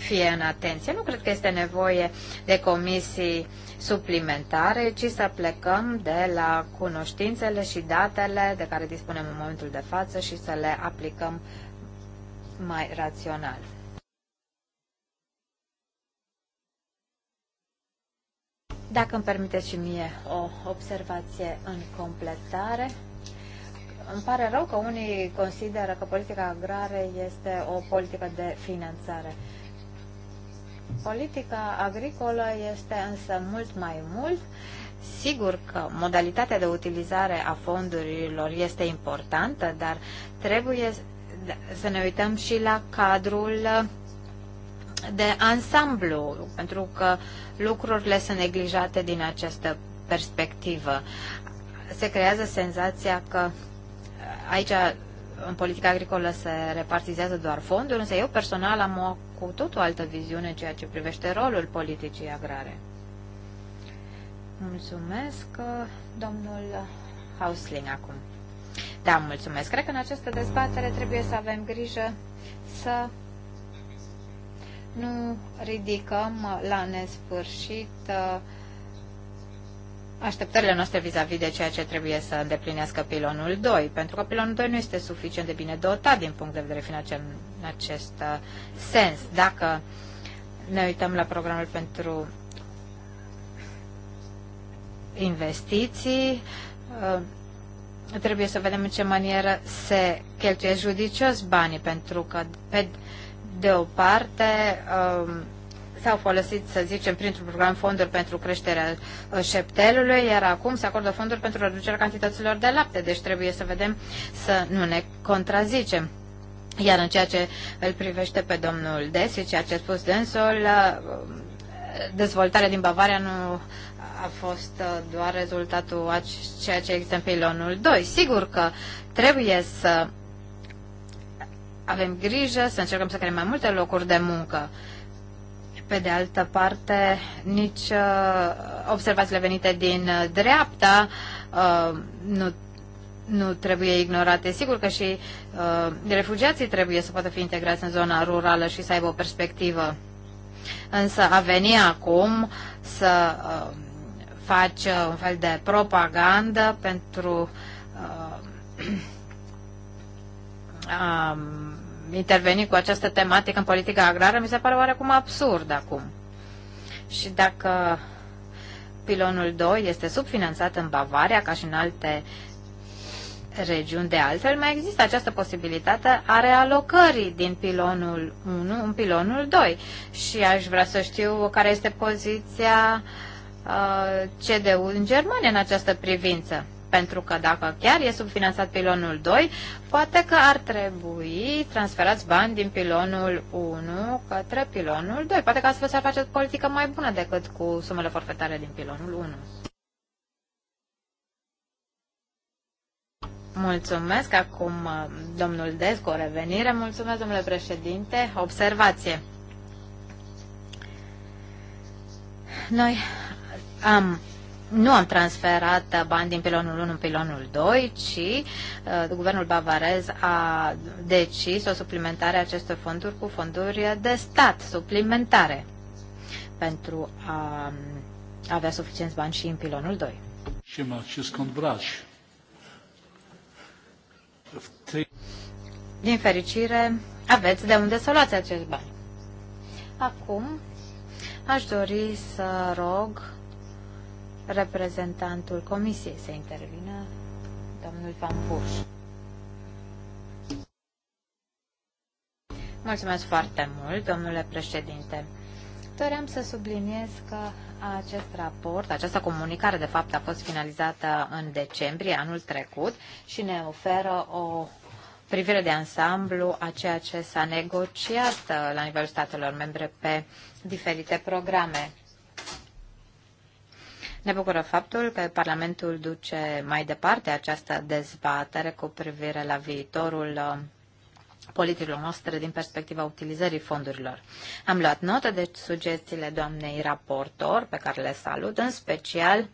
fie în atenție. Nu cred că este nevoie de comisii suplimentare, ci să plecăm de la cunoștințele și datele de care dispunem în momentul de față și să le aplicăm mai rațional. Dacă îmi permiteți și mie o observație în completare, îmi pare rău că unii consideră că politica agrară este o politică de finanțare. Politica agricolă este însă mult mai mult. Sigur că modalitatea de utilizare a fondurilor este importantă, dar trebuie să ne uităm și la cadrul de ansamblu, pentru că lucrurile sunt neglijate din această perspectivă. Se creează senzația că aici în politica agricolă se repartizează doar fonduri, însă eu personal am o cu tot o altă viziune în ceea ce privește rolul politicii agrare. Mulțumesc, domnul Hausling, acum. Da, mulțumesc. Cred că în această dezbatere trebuie să avem grijă să nu ridicăm la nesfârșit uh, așteptările noastre vis-a-vis -vis de ceea ce trebuie să îndeplinească pilonul 2, pentru că pilonul 2 nu este suficient de bine dotat din punct de vedere financiar în acest uh, sens. Dacă ne uităm la programul pentru investiții, uh, trebuie să vedem în ce manieră se cheltuie judicios banii, pentru că, pe de o parte, uh, s-au folosit, să zicem, printr-un program fonduri pentru creșterea uh, șeptelului, iar acum se acordă fonduri pentru reducerea cantităților de lapte, deci trebuie să vedem să nu ne contrazicem. Iar în ceea ce îl privește pe domnul Desi, ceea ce a spus dânsul, uh, dezvoltarea din Bavaria nu a fost uh, doar rezultatul a ceea ce există în pilonul 2. Sigur că trebuie să avem grijă, să încercăm să creăm mai multe locuri de muncă. Pe de altă parte, nici uh, observațiile venite din uh, dreapta uh, nu nu trebuie ignorate. Sigur că și uh, refugiații trebuie să poată fi integrați în zona rurală și să aibă o perspectivă. Însă a veni acum să uh, faci uh, un fel de propagandă pentru uh, um, interveni cu această tematică în politica agrară mi se pare oarecum absurd acum. Și dacă pilonul 2 este subfinanțat în Bavaria, ca și în alte regiuni de altfel, mai există această posibilitate a realocării din pilonul 1 în pilonul 2. Și aș vrea să știu care este poziția uh, CDU în Germania în această privință pentru că dacă chiar e subfinanțat pilonul 2, poate că ar trebui transferați bani din pilonul 1 către pilonul 2. Poate că astfel s-ar face o politică mai bună decât cu sumele forfetare din pilonul 1. Mulțumesc. Acum, domnul Descu, o revenire. Mulțumesc, domnule președinte. Observație. Noi am nu am transferat bani din pilonul 1 în pilonul 2, ci uh, guvernul bavarez a decis o suplimentare a acestor fonduri cu fonduri de stat suplimentare pentru a um, avea suficienți bani și în pilonul 2. Și mai ce scund Din fericire, aveți de unde să luați acești bani. Acum, aș dori să rog reprezentantul Comisiei să intervină, domnul Van Bush. Mulțumesc foarte mult, domnule președinte. Doream să subliniez că acest raport, această comunicare, de fapt, a fost finalizată în decembrie anul trecut și ne oferă o privire de ansamblu a ceea ce s-a negociat la nivelul statelor membre pe diferite programe. Ne bucură faptul că Parlamentul duce mai departe această dezbatere cu privire la viitorul uh, politicilor noastre din perspectiva utilizării fondurilor. Am luat notă de sugestiile doamnei raportor, pe care le salut, în special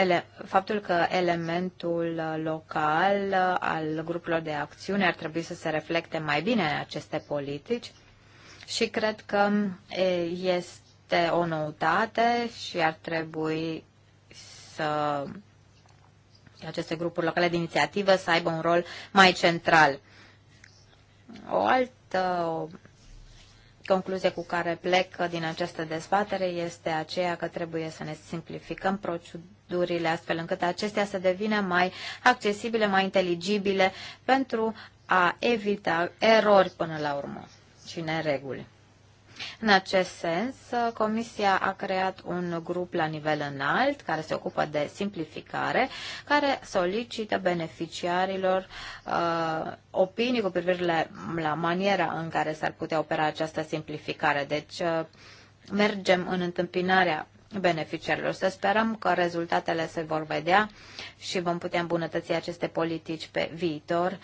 ele, faptul că elementul uh, local uh, al grupurilor de acțiune ar trebui să se reflecte mai bine în aceste politici și cred că este este o noutate și ar trebui să aceste grupuri locale de inițiativă să aibă un rol mai central. O altă concluzie cu care plec din această dezbatere este aceea că trebuie să ne simplificăm procedurile astfel încât acestea să devină mai accesibile, mai inteligibile pentru a evita erori până la urmă și nereguli. În acest sens, Comisia a creat un grup la nivel înalt care se ocupă de simplificare, care solicită beneficiarilor uh, opinii cu privire la, la maniera în care s-ar putea opera această simplificare. Deci, uh, mergem în întâmpinarea beneficiarilor. Să sperăm că rezultatele se vor vedea și vom putea îmbunătăți aceste politici pe viitor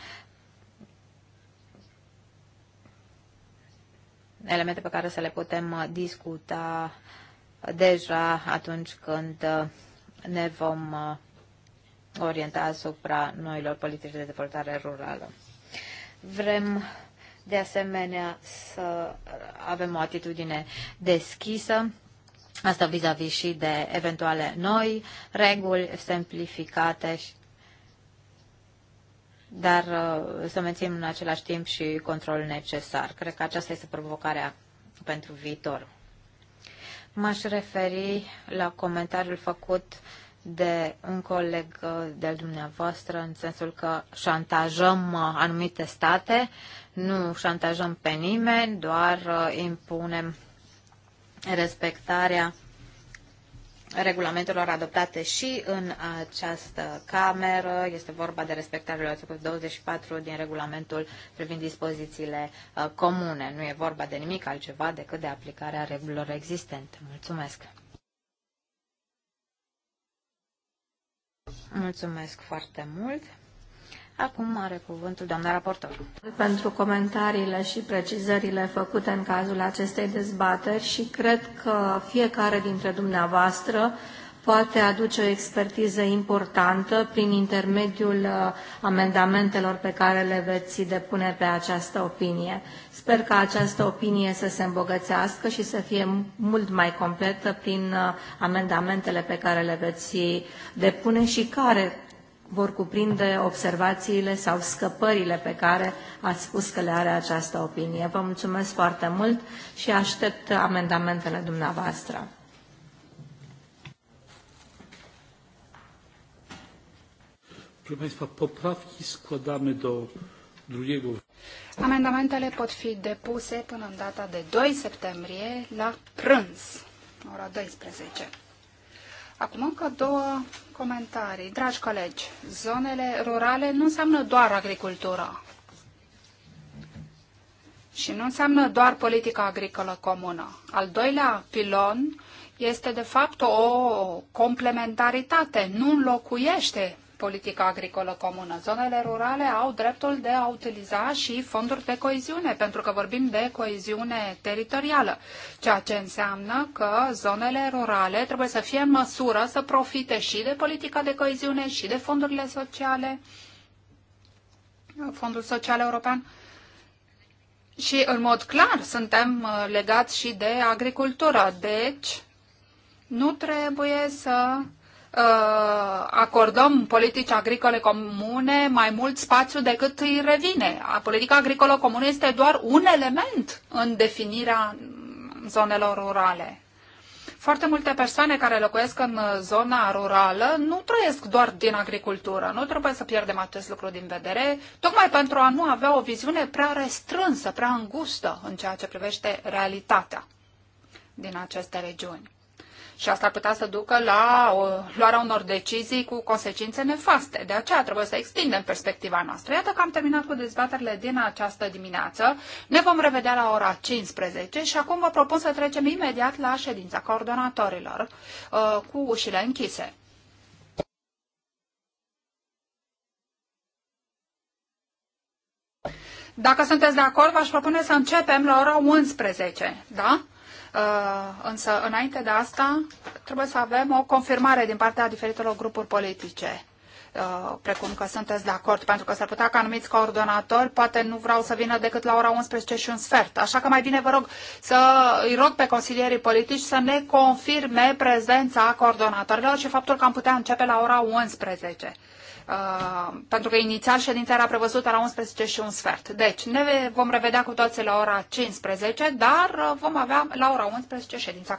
elemente pe care să le putem uh, discuta deja atunci când uh, ne vom uh, orienta asupra noilor politici de dezvoltare rurală. Vrem de asemenea să avem o atitudine deschisă, asta vis-a-vis -vis și de eventuale noi reguli simplificate și dar uh, să menținem în același timp și controlul necesar. Cred că aceasta este provocarea pentru viitor. M-aș referi la comentariul făcut de un coleg uh, de-al dumneavoastră, în sensul că șantajăm uh, anumite state, nu șantajăm pe nimeni, doar impunem respectarea regulamentelor adoptate și în această cameră. Este vorba de respectarea articolului 24 din regulamentul privind dispozițiile uh, comune. Nu e vorba de nimic altceva decât de aplicarea regulilor existente. Mulțumesc! Mulțumesc foarte mult! Acum are cuvântul doamna raportor. Pentru comentariile și precizările făcute în cazul acestei dezbateri și cred că fiecare dintre dumneavoastră poate aduce o expertiză importantă prin intermediul uh, amendamentelor pe care le veți depune pe această opinie. Sper ca această opinie să se îmbogățească și să fie mult mai completă prin uh, amendamentele pe care le veți depune și care vor cuprinde observațiile sau scăpările pe care ați spus că le are această opinie. Vă mulțumesc foarte mult și aștept amendamentele dumneavoastră. Proszę Państwa, poprawki składamy do 2. Amendamentele pot fi depuse până în data de 2 septembrie la prânz, ora 12. Acum încă două comentarii. Dragi colegi, zonele rurale nu înseamnă doar agricultura. Și nu înseamnă doar politica agricolă comună. Al doilea pilon este de fapt o complementaritate, nu înlocuiește politica agricolă comună. Zonele rurale au dreptul de a utiliza și fonduri de coeziune, pentru că vorbim de coeziune teritorială, ceea ce înseamnă că zonele rurale trebuie să fie în măsură să profite și de politica de coeziune și de fondurile sociale, Fondul Social European. Și, în mod clar, suntem uh, legați și de agricultură, deci nu trebuie să Uh, acordăm politici agricole comune mai mult spațiu decât îi revine. Politica agricolă comună este doar un element în definirea zonelor rurale. Foarte multe persoane care locuiesc în zona rurală nu trăiesc doar din agricultură. Nu trebuie să pierdem acest lucru din vedere, tocmai pentru a nu avea o viziune prea restrânsă, prea îngustă în ceea ce privește realitatea din aceste regiuni. Și asta ar putea să ducă la o, luarea unor decizii cu consecințe nefaste. De aceea trebuie să extindem perspectiva noastră. Iată că am terminat cu dezbaterile din această dimineață. Ne vom revedea la ora 15 și acum vă propun să trecem imediat la ședința coordonatorilor uh, cu ușile închise. Dacă sunteți de acord, v-aș propune să începem la ora 11, da? Uh, însă, înainte de asta, trebuie să avem o confirmare din partea diferitelor grupuri politice uh, precum că sunteți de acord, pentru că s-ar putea ca anumiți coordonatori poate nu vreau să vină decât la ora 11 și un sfert. Așa că mai bine vă rog să îi rog pe consilierii politici să ne confirme prezența coordonatorilor și faptul că am putea începe la ora 11. Uh, pentru că inițial ședința era prevăzută la 11 și un sfert. Deci, ne vom revedea cu toții la ora 15, dar uh, vom avea la ora 11 ședința